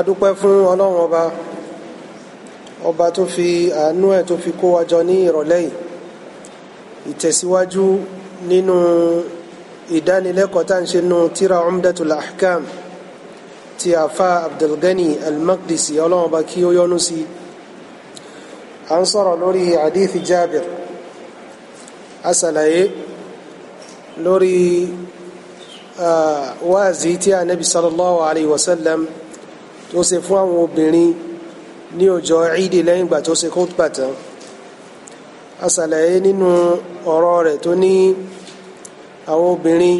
adúpẹ́ fún ọlọ́run ọba ọba tó fi àánú ẹ̀ tó fi kó wa jọ ní ìrọ̀lẹ́ yìí ìtẹ̀síwájú nínú ìdánilẹ́kọ̀ọ́ tá à ń ṣe nínú tírà umdatul ahkam ti àfa abdulgani almakdisi ọlọ́run ọba kí ó yọ́nú sí à ń sọ̀rọ̀ lórí hadithi jabir asàlàyé lórí wáàzí tí a sallallahu alayhi wa sallam tó ṣe fún àwọn obìnrin ní ọjọ́ ìdí lẹ́yìn ìgbà tó ṣe kútbà tán asàlàyé nínú ọ̀rọ̀ rẹ̀ tó ní àwọn obìnrin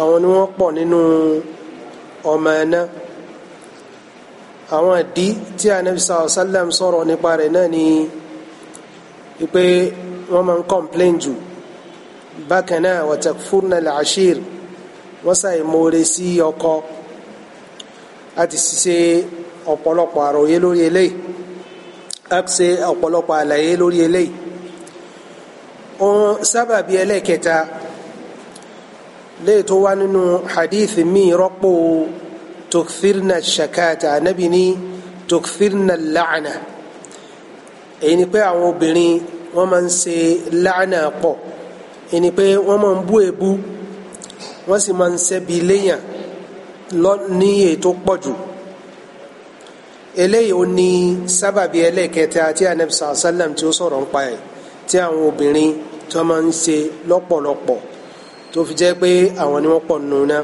àwọn ni wọ́n pọ̀ nínú ọmọ ẹ̀nà àwọn ìdí tí anabi sàlọ sálẹm sọ̀rọ̀ nípa rẹ̀ náà ni pé wọ́n máa ń kọ́ńplẹ́ǹ jù bákan náà wọ́n tẹ̀ fúnnà làṣír wọ́n sàì sí ọkọ̀ a ti ṣe ọ̀pọ̀lọpọ̀ àròyé lórí eléyìí a ti ṣe ọ̀pọ̀lọpọ̀ àlàyé lórí eléyìí ohun sábàbí ẹlẹ́ẹ̀kẹta léè tó wá nínú hadith mi rọ́pò tukfirna shakata anabi ní tukfirna la'ana èyí ni pé àwọn obìnrin wọ́n máa ń ṣe la'ana pọ̀ èyí ni pé wọ́n máa ń bú èbú wọ́n sì máa ń ṣẹ́bi léyàn ní ètò pọ̀jù eléyìí ó ní sábàbí ẹlẹ́ẹ̀kẹta tí anabi sàlám tí ó sọ̀rọ̀ ń pa ẹ̀ tí àwọn obìnrin tí wọ́n máa ń ṣe lọ́pọ̀lọpọ̀ tó fi jẹ́ pé àwọn ni wọ́n pọ̀ nù náà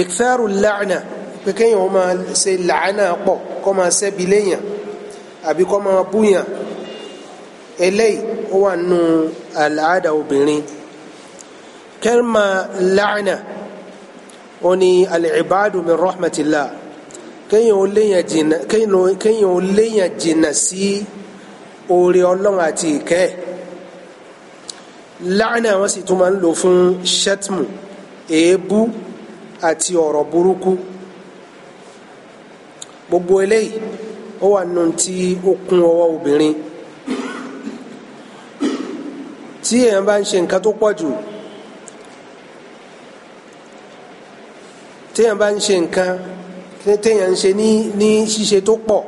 ìkfẹ́rù làánà pé kéèyàn ó máa ṣe làánà pọ̀ kó máa ṣẹ́bi léèyàn àbí kó máa búyàn eléyìí ó wà nù àlàáda obìnrin kẹ́rìmà làánà ó ní al-ibadu min rahmatillah kéèyàn ó léyàn jìnnà kéèyàn ó léyàn jìnnà sí oore ọlọ́run àti ìkẹ́ ẹ̀ láàánà wọn sì tún máa ń lò fún shetmu èébú àti ọ̀rọ̀ burúkú gbogbo eléyìí ó wà nù tí ó kún ọwọ́ obìnrin tí èèyàn bá ń ṣe nǹkan tó pọ̀ jù téèyàn bá ń ṣe nǹkan téèyàn ń ṣe ní ní ṣíṣe tó pọ̀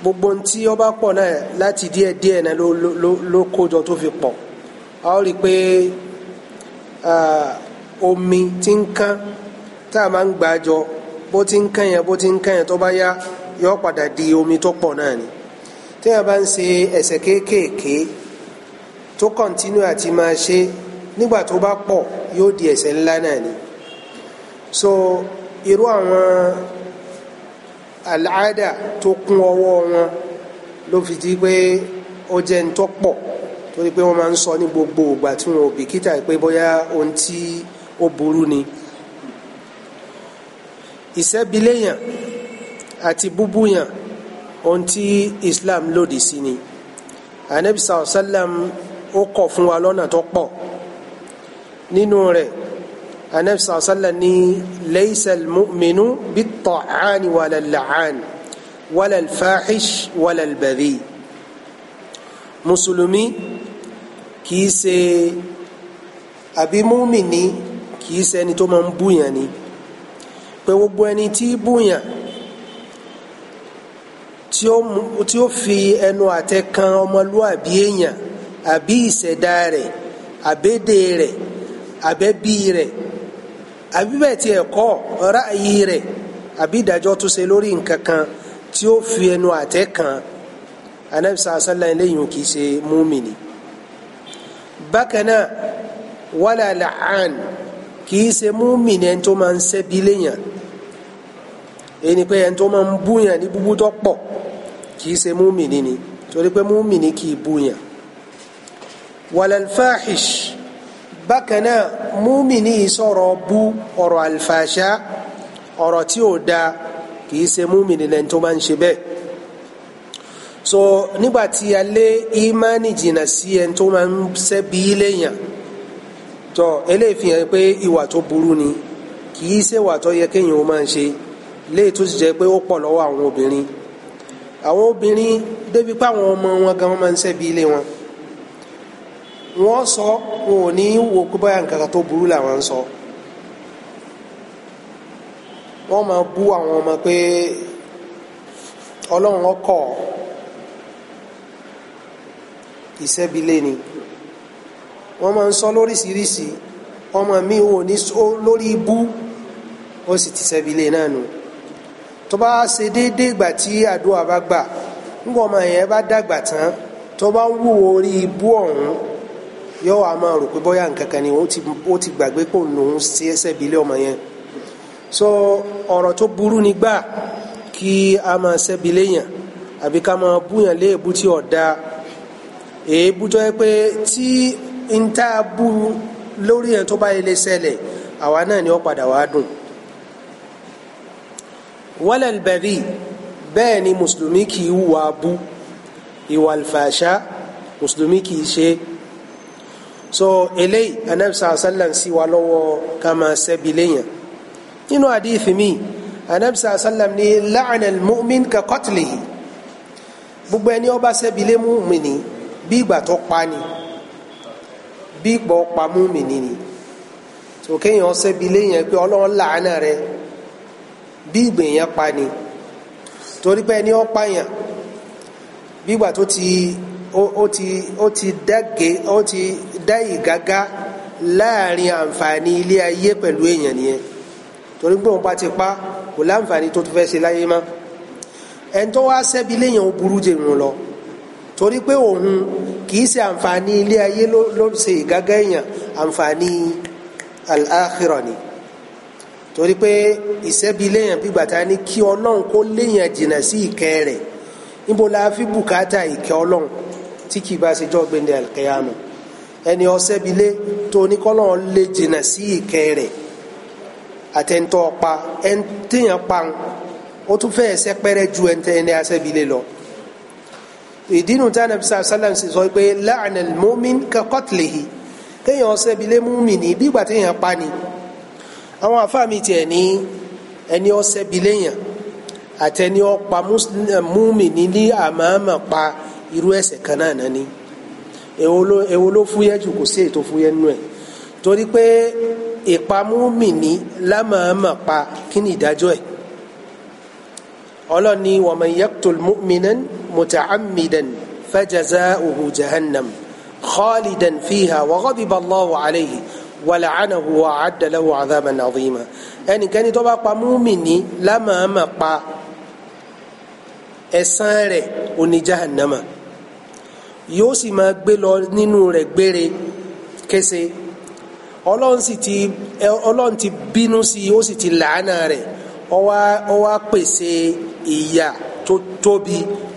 gbogbo tí ó bá náà láti díẹ̀ díẹ̀ náà ló ló ló kójọ tó fi pọ̀ a ó rí i pé omi tí ń kán tá a máa ń gbà bó ti ń kán yẹn bó ti ń kán yẹn tó bá yá yọ padà di omi tó pọ̀ náà ni téèyàn bá ń ṣe ẹ̀ṣẹ̀ kéékèèké tó kọ̀ntínú àti máa ṣe nígbà tó bá pọ̀ yóò di ẹ̀ṣẹ̀ ńlá náà ni so irú àwọn àlàádà tó kún ọwọ́ wọn ló fi di pé ó jẹ́ ń tọ́ pọ̀ torí pé wọ́n máa ń sọ ní gbogbo ìgbà tí wọn ò bìkítà pé bóyá ohun tí ó burú ni ìṣẹ́biléyàn àti búbúyàn ohun tí Islam lòdì sí ni anabi sallam ó kọ̀ fún wa lọ́nà tó pọ̀ nínú rẹ̀ anabi sàlẹ̀ ní laysal mu'minu bit-ta'ani walal la'an walal fahish walal baghi mùsùlùmí kìí ṣe àbí múmìnì kìí ṣe ẹni tó máa ń búyàn ni pé gbogbo ẹni tí búyàn tí ó fi ẹnu àtẹ kan ọmọlúàbí èèyàn àbí ìṣẹ̀dá rẹ̀ àbédè rẹ̀ àbẹ́bí rẹ̀ àbí bẹ́ẹ̀ tiẹ̀ kọ́ ráàyè rẹ̀ àbí ìdájọ́ tó ṣe lórí nǹkan kan tí ó fi ẹnu àtẹ́ kan anabi sàásánlá eléyìí kì í ṣe múmìnì bákan náà wàlà làán kì í ṣe múmìnì ẹni tó máa ń ṣẹ́bi léyàn ẹni pé ẹni tó máa ń búyàn ní búbú pọ̀ kì í ṣe múmìnì ni torí pé múmìnì kì í búyàn wàlà fáhìṣì bákan náà múmìnì sọ̀rọ̀ bú ọ̀rọ̀ àlfàṣà ọ̀rọ̀ tí ò da kìí ṣe múmìnì lẹ́ni tó máa ń ṣe bẹ́ẹ̀ so nígbà tí a lé sí ẹni tó máa ń ṣẹ́bi léèyàn tó eléyìí pé ìwà tó burú ni kìí ṣe ìwà tó yẹ kéèyàn ó máa ń ṣe léyìí tó sì jẹ́ pé ó pọ̀ lọ́wọ́ àwọn obìnrin àwọn obìnrin débi pé àwọn ọmọ wọn gan máa ń ṣẹ́bi ilé wọn. wọ́n sọ wọn ò ní wo pé báyà nǹkan tó burú làwọn ń sọ wọ́n máa bú àwọn ọmọ pé ọlọ́run ọkọ̀ ìṣẹ́bilé ni wọ́n máa ń sọ lóríṣiríṣi ọmọ mi ò ní lórí ibú ó sì ti ṣẹ́bilé náà nù tó bá ṣe déédéé ìgbà tí àdúrà bá gbà ńgbọ́n ọmọ yẹn bá dàgbà tán tó bá ń wú orí ibú ọ̀hún yóò wá máa rò pé bóyá nǹkan kan ni ó ti gbàgbé pò ń lòún sí ẹsẹ̀ bí ọmọ yẹn so ọ̀rọ̀ tó burú ni gbà kí a máa ṣẹ́bi léèyàn àbí ká máa búyàn léèbú tí ọ̀dà èébú tó pé tí n tá bú lórí ẹ̀ tó bá yẹ lè ṣẹlẹ̀ àwa náà ni ó padà wá dùn wọ́lẹ̀lbẹ̀rì bẹ́ẹ̀ ni mùsùlùmí kì í hùwà bú ìwà àlfàṣà mùsùlùmí kì í ṣe é so eléyìí anabi sàlám sí wa lọ́wọ́ ká máa ṣẹ́bi léyìn nínú àdìfì mi anabi sàlám ní la'ana al-mu'min ka qatlihi gbogbo ẹni ó bá ṣẹ́bi lé mu'mini bí ìgbà tó pa ni bí ìgbà ó pa mu'mini ni so kéèyàn ṣẹ́bi léyìn pé ọlọ́run làánà rẹ bí ìgbèyàn pa torí pé ẹni ó pààyàn bí ti ó ti ó ti dẹ́gẹ́ ó ti dá ìgágá láàrin àǹfààní ilé ayé pẹ̀lú èèyàn nìyẹn torí pé òun bá ti pa kò láǹfààní tó tún fẹ́ ṣe láyé mọ́ ẹni tó wá sẹ́bi léèyàn ó burú jẹ ìrùn lọ torí pé òun kì í ṣe àǹfààní ilé ayé ló ṣe ìgágá èèyàn àǹfààní al ni torí pé ìsẹ́bi léèyàn gbígbà ta ni kí ọlọ́run kó léèyàn jìnnà sí ìkẹ́ rẹ̀ níbo la fi bùkátà ìkẹ́ ọlọ́run tí kì í bá ṣe jọ́ gbẹ̀ndẹ̀ al ẹni ọsẹ́bilé tó oníkọ́lọ́ lè jìnà sí ìkẹ́ rẹ̀ àtẹ̀ntọ́ pa ẹ̀ńtẹ̀yàn pa ó tún fẹ́ ẹsẹ́ pẹ́rẹ́ ju ẹni ọsẹ́bilé lọ. ìdínú táwọn ẹbí sàlám sì sọ pé láàánà mọ́mìn kọ́tìlẹ̀hì kéèyàn ọsẹ́bilé múmi ní bígbà téèyàn pa ni àwọn àfáàmì tiẹ̀ ní ẹni ọsẹ́bilé yàn àtẹni ọ̀pá múmi ní ní àmàmà pa irú ẹ̀ṣẹ̀ kan náà náà èwo ló fúyẹ́ jù kò sí ètò fúyẹ́ nínú ẹ̀ torí pé ìpamú mì ní lámàámà pa kí ni ìdájọ́ ẹ̀ ọlọ́ni wa man yaqtul mu'minan muta'ammidan fajaza'uhu jahannam khalidan fiha wa ghadiba Allahu alayhi wa la'anahu wa a'adda lahu 'adhaban 'azima ẹnikẹ́ni tó bá pa múmi ní lámàámà pa ẹ̀san rẹ̀ oní jahannama. yóò sì máa gbé lọ nínú rẹ̀ gbére kése ọlọ́run sì ti ọlọ́run ti bínú sí i ó sì ti làánà rẹ ó wá ó pèsè ìyà tó tóbi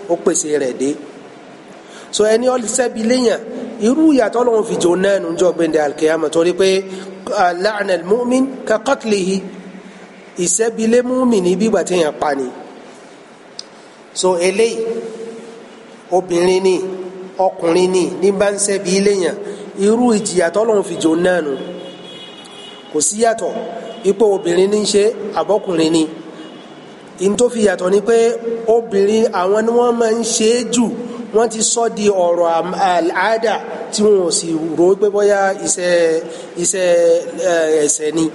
ó pèsè rẹ̀ dé so ẹni ọ̀sẹ̀bi léyàn irú ìyà tí ọlọ́run fi jò náà nù jọ gbẹ̀ndẹ̀ alkiyama torí pé la'na al-mu'min ka qatlihi ìsẹ́bi lé mu'min bí ìgbà téèyàn ni so eléyìí obìnrin ni. So, ọkùnrin ni ní bá ń ṣẹbi iléyàn irú ìjìyà tọ́lọ́run fìjò náà nù kò sí yàtọ̀ ipò obìnrin ní í ṣe àbọ́kùnrin ni n tó fi yàtọ̀ ni pé obìnrin àwọn ni wọ́n máa ń ṣe é jù wọ́n ti sọ di ọ̀rọ̀ àlàáda tí wọn sì rò ó pé bóyá iṣẹ́ iṣẹ́ ni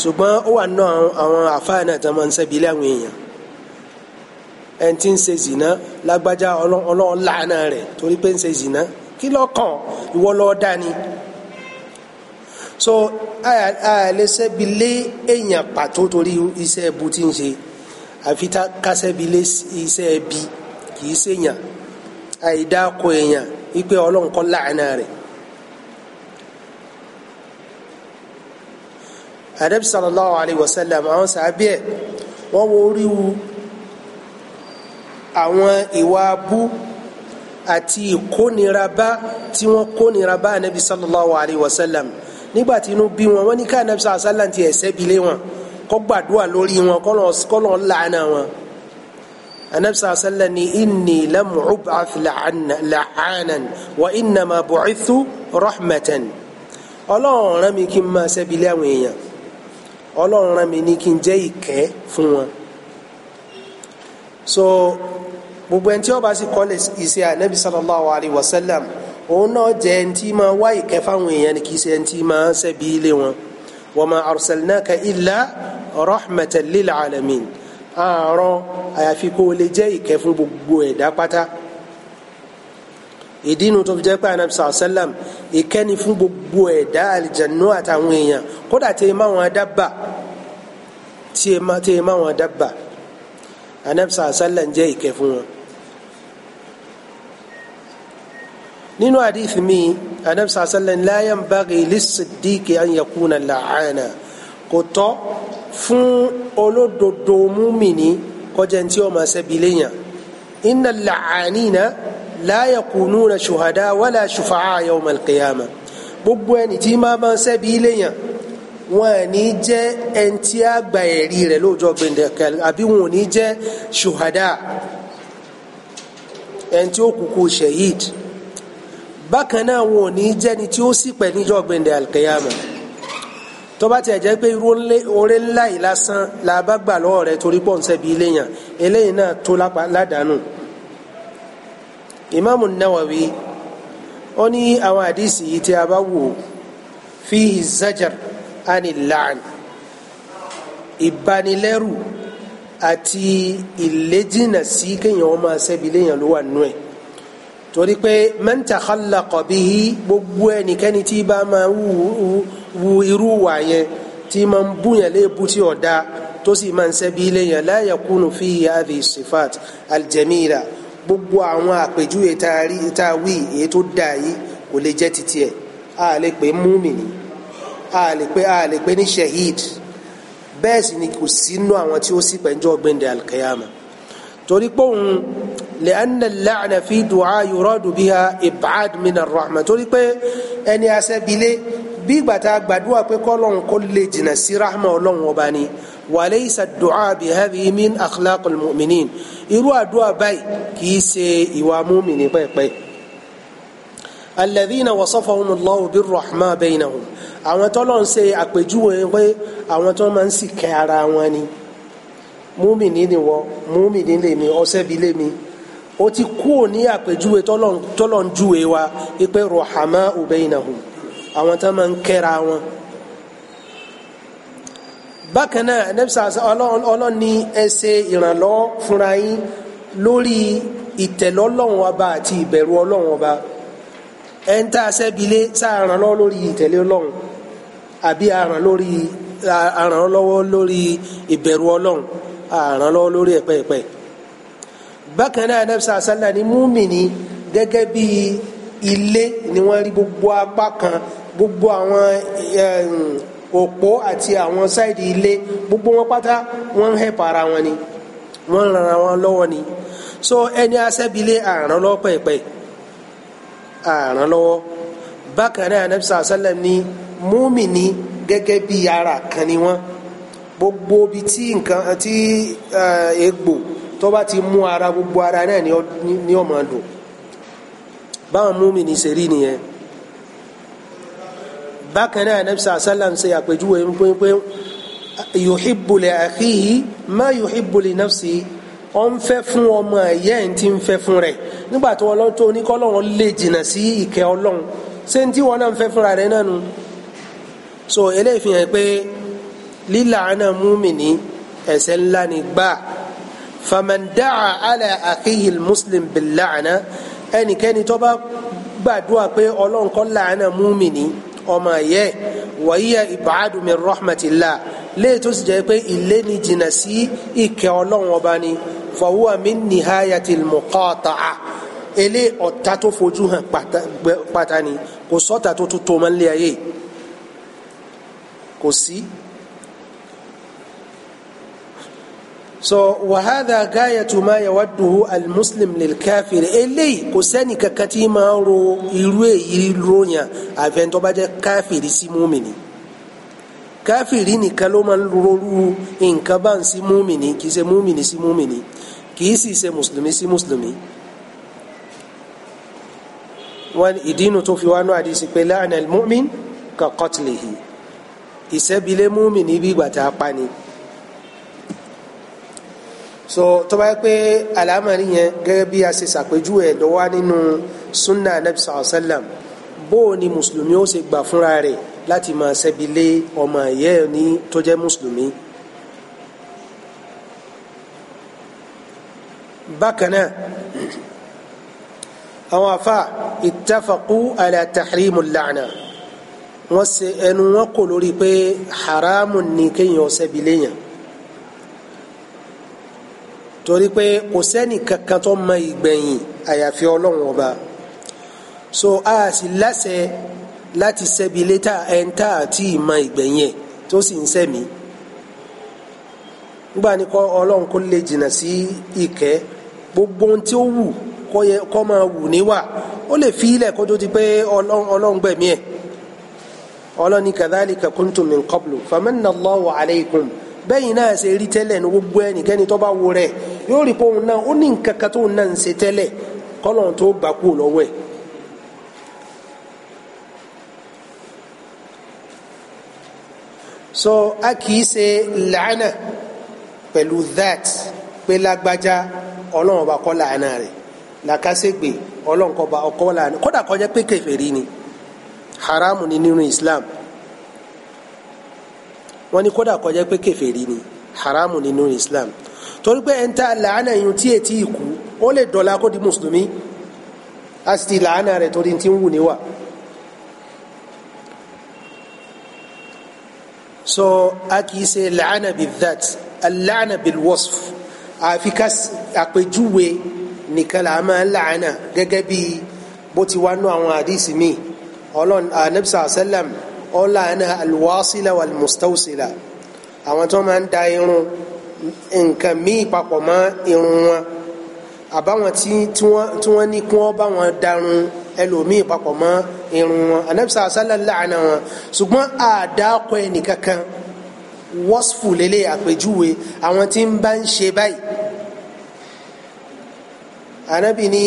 ṣùgbọ́n ó wà nínú àwọn àfáà náà tó máa ń ṣẹ́bi ilé àwọn èèyàn ẹni tí ń ṣe zìnà lágbájá ọlọ́run làánà rẹ̀ torí pé ń ṣe zìnà kí lọ́kàn ìwọ lọ́ọ́ dání. so a lè ṣẹ́bi lé èèyàn pàtó torí iṣẹ́ ẹbu tí ń ṣe àfi ká ṣẹ́bi lé iṣẹ́ ẹbi kì í ṣèyàn àìdáko èèyàn wípé ọlọ́run kọ́ làánà rẹ̀. anabi sallallahu alayhi wa sallam àwọn sàbíẹ wọn wo oríwu àwọn ìwà abú àti ìkóniraba tí wọ́n kóniraba anabi sallallahu alayhi wa sallam nígbà tí inú bí wọn wọ́n ní ká anabi sallallahu alayhi wa sallam ti ẹ̀sẹ̀ bi lé wọn kó gbàdúrà lórí wọn kọ́lọ̀ làánà wọn anabi sallallahu alayhi wa sallam ni inni lam ub'ath la'anan wa innama bu'ithu rahmatan ọlọ́run rán mi kí n máa ṣẹ́bi lé àwọn èèyàn ọlọ́run rán mi ní kí n jẹ́ ìkẹ́ fún wọn so gbogbo ẹni tí ó bá sì kọ́lé iṣẹ́ anabi sallallahu alayhi wa sallam òun náà jẹ́ ẹni tí máa wá ìkẹ́ fáwọn èèyàn kì í ṣe ẹni tí máa ṣẹ̀bi ilé wọn wa ma arsalnaka illa rahmatan lil alamin àárọ̀ àyàfi kó o lè jẹ́ ìkẹ́ fún gbogbo ẹ̀dá pátá ìdí inú tó fi jẹ́ pé anabi sallallahu alayhi wa sallam ìkẹ́ ni fún gbogbo ẹ̀dá àlìjànú àtàwọn èèyàn kódà tí ì máa wọn dábàá anabisa asálà ń jẹ́ ìkẹ́ fún wọn. nínú àdìsí mi anabisa asálà la yanbaghi lis-siddiqi an yakuna la'ana kò tọ́ fún olódodo múmìnì kọjá tí ó máa ṣẹbi léyàn inna la'anina la yakununa shuhada wala shufa'a yawm al gbogbo ẹni tí máa máa ṣẹbi léyàn wọn à ní jẹ́ ẹni tí a gba ẹ̀rí rẹ̀ lọ́jọ́ gbẹ̀ndẹ̀kẹ́ àbí wọn ò ní jẹ́ ṣùhádà ẹni tí ó kúkú shahid bákan náà wọn ò ní jẹ́ni tí ó sì pẹ̀ níjọ́ gbẹ̀ndẹ̀ alkeyama tó bá tiẹ̀ jẹ́ pé irú oore ńlá yìí lásán la bá gbà lọ́wọ́ rẹ̀ torí pọ̀ ń sẹ́bi eléyìí náà tó ládàánù ìmáàmù Nawawi ó ní àwọn àdìsí yìí tí a bá wò fíhì zajar anilan ìbanilẹ́rù àti ìlédìnà sí kéèyàn ọmọ asẹ́bi léèyàn ló wà nù ẹ̀ torí pé man takhallaqa bihi gbogbo ẹnikẹ́ni tí bá máa wu irú wà yẹn tí máa ń búyàn léèbú tí ọ̀dà tó sì máa ń sẹ́bi léèyàn la yakunu fi hadhi sifat aljamila gbogbo àwọn àpèjúwe tá a wí èyí tó dáa yìí kò lè jẹ́ titi ẹ̀ a lè pè é múmi nìyí a lè pé a lè pé ní shahid bẹ́ẹ̀ sì ni kò sínú àwọn tí ó sì pẹ̀jọ́ gbẹ̀ndẹ̀ alkiyama torí pé òun lè anna al-la'na fi du'a yuradu biha ib'ad min ar-rahma torí pé ẹni asẹ́bilé bí ìgbà gbàdúrà pé kọ́lọ́n kó lè jìnnà sí rahma ọlọ́run ọba ni wa laysa ad-du'a bi hadhihi min akhlaq muminin irú àdúrà báyìí kì í ṣe ìwà múmìnì pẹ́ẹ́pẹ́ẹ́ alladhina wasafahum Allahu bir-rahma baynahum àwọn tọ́lọ̀ ń ṣe àpèjúwe pé àwọn tó máa ń sì kẹ́ ara wọn ni múmìnì ni wọ múmìnì lèmi ọsẹ́bi lèmi ó ti kúò ní àpèjúwe tọ́lọ̀ ń júwe wa ipe rọ̀hámà bainahum àwọn tó máa ń kẹ́ra wọn. bákan náà anabisa ọlọ́run ní ẹ ṣe ìrànlọ́wọ́ fúnra yín lórí ìtẹ̀lọ́lọ́run ọba àti ìbẹ̀rù ọlọ́run ọba ẹ̀ ń tá a ṣẹ́bi lé sáà ràn lọ́wọ́ lórí ìtẹ̀lé ọlọ́run àbí aràn lórí aràn lọ́wọ́ lórí ìbẹ̀rù ọlọ́run aràn lọ́wọ́ lórí ẹ̀pẹ̀ẹ̀pẹ̀ bákan náà anabi sàlá ni múmìnì gẹ́gẹ́ bí ilé ni wọ́n rí gbogbo apá kan gbogbo àwọn òpó àti àwọn sáìdì ilé gbogbo wọn pátá wọ́n ń hẹ̀pà ara wọn ni wọ́n ń ran wọn lọ́wọ́ ni so ẹni asẹ́bilé àràn lọ́wọ́ pẹ̀pẹ̀ àràn lọ́wọ́ bákan náà anabi sàlá ni múmìnì gẹ́gẹ́ bí ara kan ni wọ́n gbogbo bi tí nǹkan tí egbò tó bá ti mú ara gbogbo ara náà ni ó máa dùn báwọn múmìnì ṣe rí nìyẹn bákan náà anabi sàlám ṣe àpèjúwe pé yuhibbu li akhihi ma yuhibbu nafsi ọ ń fẹ́ fún ọmọ ẹ̀yẹ́ ẹ̀ ti ń fẹ́ fún rẹ̀ nígbà tó ọlọ́tọ́ oníkọ́ ọlọ́run lè jìnnà sí ìkẹ́ ọlọ́run ṣé ní tí wọn náà ń fẹ́ fúnra rẹ̀ náà nù so eléyìí fi hàn pé lílàánà múmìnì ẹ̀ṣẹ̀ ńlá ni gbà faman da'a ala akhihi muslim bil la'na ẹnikẹ́ni tó bá gbàdúrà pé ọlọ́run kó làánà múmìnì ọmọ ẹ̀yẹ wa hiya ib'adu min rahmatillah léyìí tó sì jẹ́ pé ilé ni jìnnà sí ìkẹ́ ọlọ́run ọba ni fa huwa min nihayatil muqata'a ele ọ̀tá tó fojú hàn pátá ni kò sọ́ta tó tó tó máa ń lé ayé kò sí. so wàhádà gáyà tó máa yàwá dùhù alimuslim lilkafir eléyìí kò sẹ́ni kankan tí máa ro irú èyí ròyìn àfẹnutọ́ bá jẹ́ káfìrí sí múmìnì káfìrí nìkan ló máa ń rorú nǹkan bá ń sí múmìnì kì í ṣe múmìnì sí múmìnì kì í sì ṣe mùsùlùmí sí mùsùlùmí. wọn ìdí inú tó fi wá náà àdìsí pé láàánú al-mu'min ka qatlihi ìṣẹ́bilé múmi níbi ìgbà tá a pa ni so tó bá yẹ pé àlámọ̀rí yẹn gẹ́gẹ́ bí a ṣe ṣàpèjúwe ẹ̀ lọ́wọ́ nínú sunna anabi sallallahu alayhi wa sallam bó o ni mùsùlùmí ó ṣe gbà fúnra rẹ̀ láti máa ṣẹ́bilé ọmọ ẹ̀yẹ́ ní tó jẹ́ mùsùlùmí. bákan náà àwọn afa ittafaqu ala tahrimul la'na wọ́n ṣe ẹnu wọn kò lórí pé haramu ni kéèyàn ṣẹbi léèyàn torí pé kò sẹ́ni kankan tó mọ ìgbẹ̀yìn àyàfi ọlọ́run ọba so a sì láṣẹ láti ṣẹbi létà ẹ̀ńtà àti ìmọ̀ ìgbẹ̀yìn ẹ̀ tó sì ń ṣẹ̀mí nígbà ní kọ́ ọlọ́run kó lè jìnnà sí ìkẹ́ gbogbo ohun tí ó wù kọ́ máa wù níwà ó lè fi ilẹ̀ kó tó di pé ọlọ́run gbẹ̀mí ẹ̀ ọlọ́ni kadhalika kuntum min qablu famanna Allahu alaykum bẹ́yìn náà ṣe rí tẹ́lẹ̀ ní gbogbo ẹnikẹ́ni tó bá wo rẹ̀ yóò rí pé náà ó ní nǹkan kan tó náà ń ṣe tẹ́lẹ̀ kọ́lọ̀ tó gbà kú lọ́wọ́ ẹ̀. so a kì í ṣe làánà pẹ̀lú that pé lágbájá ọlọ́run ọba kọ́ làánà rẹ̀ làkàṣègbè ọlọ́run kọ́ làánà kódà kọjá pé kèfèrí ni haramu ni nínú islam wọ́n ní kódà kó jẹ́ pé kèfèrí ni haramu ni nínú islam torí pé ẹni tá a làánà yun tí ètí ìkú ó lè dọ̀la kó di mùsùlùmí a sì ti làánà rẹ̀ torí ti ń wù níwà. so a kì í ṣe làánà bidhat al-la'na bil-wasf àfi ká àpèjúwe nìkan là á máa làánà gẹ́gẹ́ bí bó ti wá nú àwọn àdìsí míì ọlọ́n anabisa asẹ́lẹ̀m ọlá ẹni alwasila walmustawsila àwọn tó máa ń da irun nǹkan míì papọ̀ mọ́ irun wọn àbáwọn tí wọ́n ní kí wọ́n bá wọn darun ẹlòmíì papọ̀ mọ́ irun wọn anabisa asẹ́lẹ̀m láàánà wọn ṣùgbọ́n àdàkọ ẹnì kankan wọ́sfù lélẹ̀ àpèjúwe àwọn tí ń bá ń ṣe báyìí anabi ni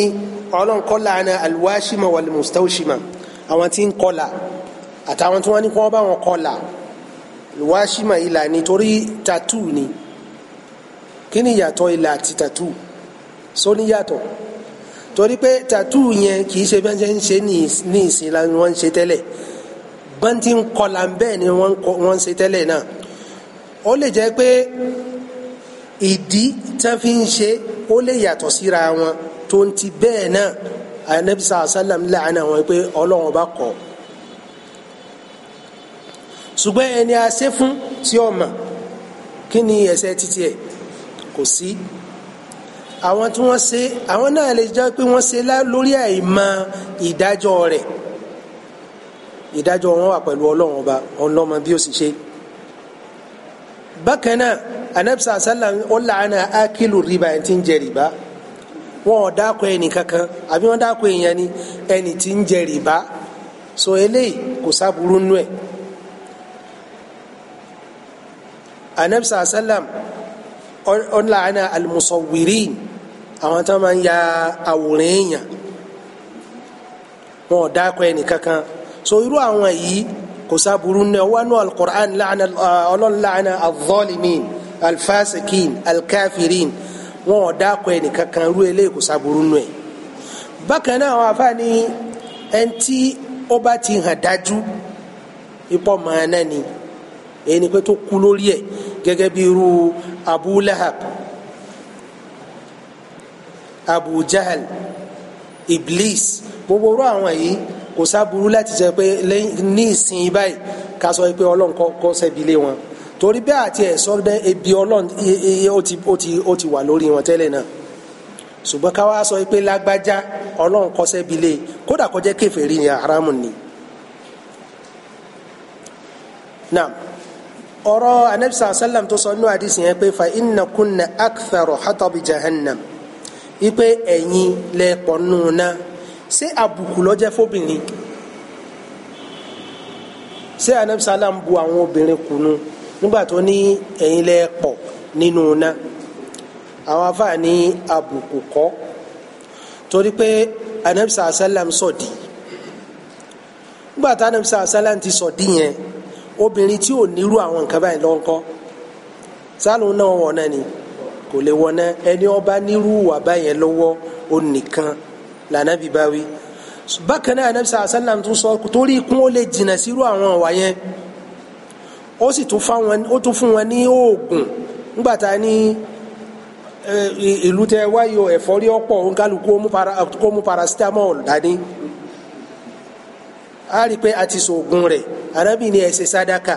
ọlọ́nkọ́ làánà alwashima walmustawshima àwọn tí ń kọlà àtàwọn tí wọ́n ní kí wọ́n bá wọn kọlà wáṣímà ìlà nítorí tàtú ni kí ni ìyàtọ̀ ìlà àti tàtú só ní yàtọ̀ torí pé tàtú yẹn kì í ṣe bí wọ́n ṣe ń ṣe ní ìsìn la wọ́n ń ṣe tẹ́lẹ̀ bọ́n ti ń kọlà bẹ́ẹ̀ ni wọ́n ń ṣe tẹ́lẹ̀ náà ó lè jẹ́ pé ìdí tí wọ́n fi ń ṣe ó lè yàtọ̀ síra wọn tó ń ti bẹ́ẹ̀ náà anabisa asalam laana wọn pé ọlọ́run bá kọ̀ ṣùgbọ́n ẹni a ṣe fún tí ó mà kí ni ẹ̀ṣẹ̀ títí ẹ̀ kò sí àwọn tí wọ́n ṣe àwọn náà lè jẹ́ pé wọ́n ṣe lórí àìmọ̀ ìdájọ́ rẹ̀ ìdájọ́ wọn wà pẹ̀lú ọlọ́run ọba ọlọ́mọ bí ó sì ṣe bákan náà anabisa asalam ó laana akilu riba ẹ̀ ti ń jẹ riba wọn ò dákọ ẹnì kankan àbí wọn dákọ èèyàn ni ẹnì tí ń jẹ rìbá so eléyìí kò sábúrú nú ẹ. anabisa asalam ọ̀nla àná àwọn tí máa ń ya àwòrán èèyàn wọn ò dákọ ẹnì kankan so irú àwọn yìí kò sábúrú nú ẹ wọn nú alukur'an la'ana ọlọ́run la'ana al-zalimin al-fasikin al-kafirin. al al wọn ò dákọ ẹnìkan kan rú eléyìí kò sábúrú nù ẹ bákan náà àwọn afa ni ó bá ti hàn dájú ipò màá náà ẹni pé tó kú lórí ẹ gẹ́gẹ́ bí irú Abu Lahab Abu Jahal Iblis gbogbo orú àwọn yìí kò sábúrú láti sọ pé ní ìsìn báyìí ká sọ ọlọ́nkọ́ kọ́ sẹ́bi lé wọn torí bẹ́ẹ̀ àti ẹ̀sọ́ dẹ́ ebi ọlọ́run ó ti wà lórí wọn tẹ́lẹ̀ náà ṣùgbọ́n ká wá sọ pé lágbájá ọlọ́run kọ́sẹ́ bi lé e. kódà kó jẹ́ kèfèrí ni haramu ni. naam ọ̀rọ̀ anabisa sallam tó sọ nínú àdìsí yẹn pé fa inna kunna aktharo hatabi jahannam ipe ẹ̀yin lẹ́pọ̀ nù náà ṣé àbùkù lọ́jẹ́ fóbìnrin ṣé anabisa sallam bu àwọn obìnrin kùnú nígbà tó ní ẹ̀yin lẹ pọ̀ nínú iná àwọn afa ní àbùkù kọ́ torí pé anamsa asalam sọ̀dí nígbà tá anamsa asalam ti sọ̀dí yẹn obìnrin tí ò nírú àwọn nǹkan báyìí lọ́nkọ́ sálùn náà wọ̀ náà ni kò lè wọ̀ náà ẹni ọba nírú wà báyẹn lọ́wọ́ ó nìkan lànàbí bá bákan náà anamsa asalam tún sọ torí kún ó lè jìnnà sírú àwọn ọ̀wà yẹn ó sì tún fáwọn ó tún fún wọn ní oògùn nígbà tá a ní ìlú tẹ wáyò ẹ̀fọ́rí ọ̀pọ̀ nkálukú kó mú paracetamol dání a rí i pé a ti sògùn rẹ̀ arábì ni ẹ ṣe sádàkà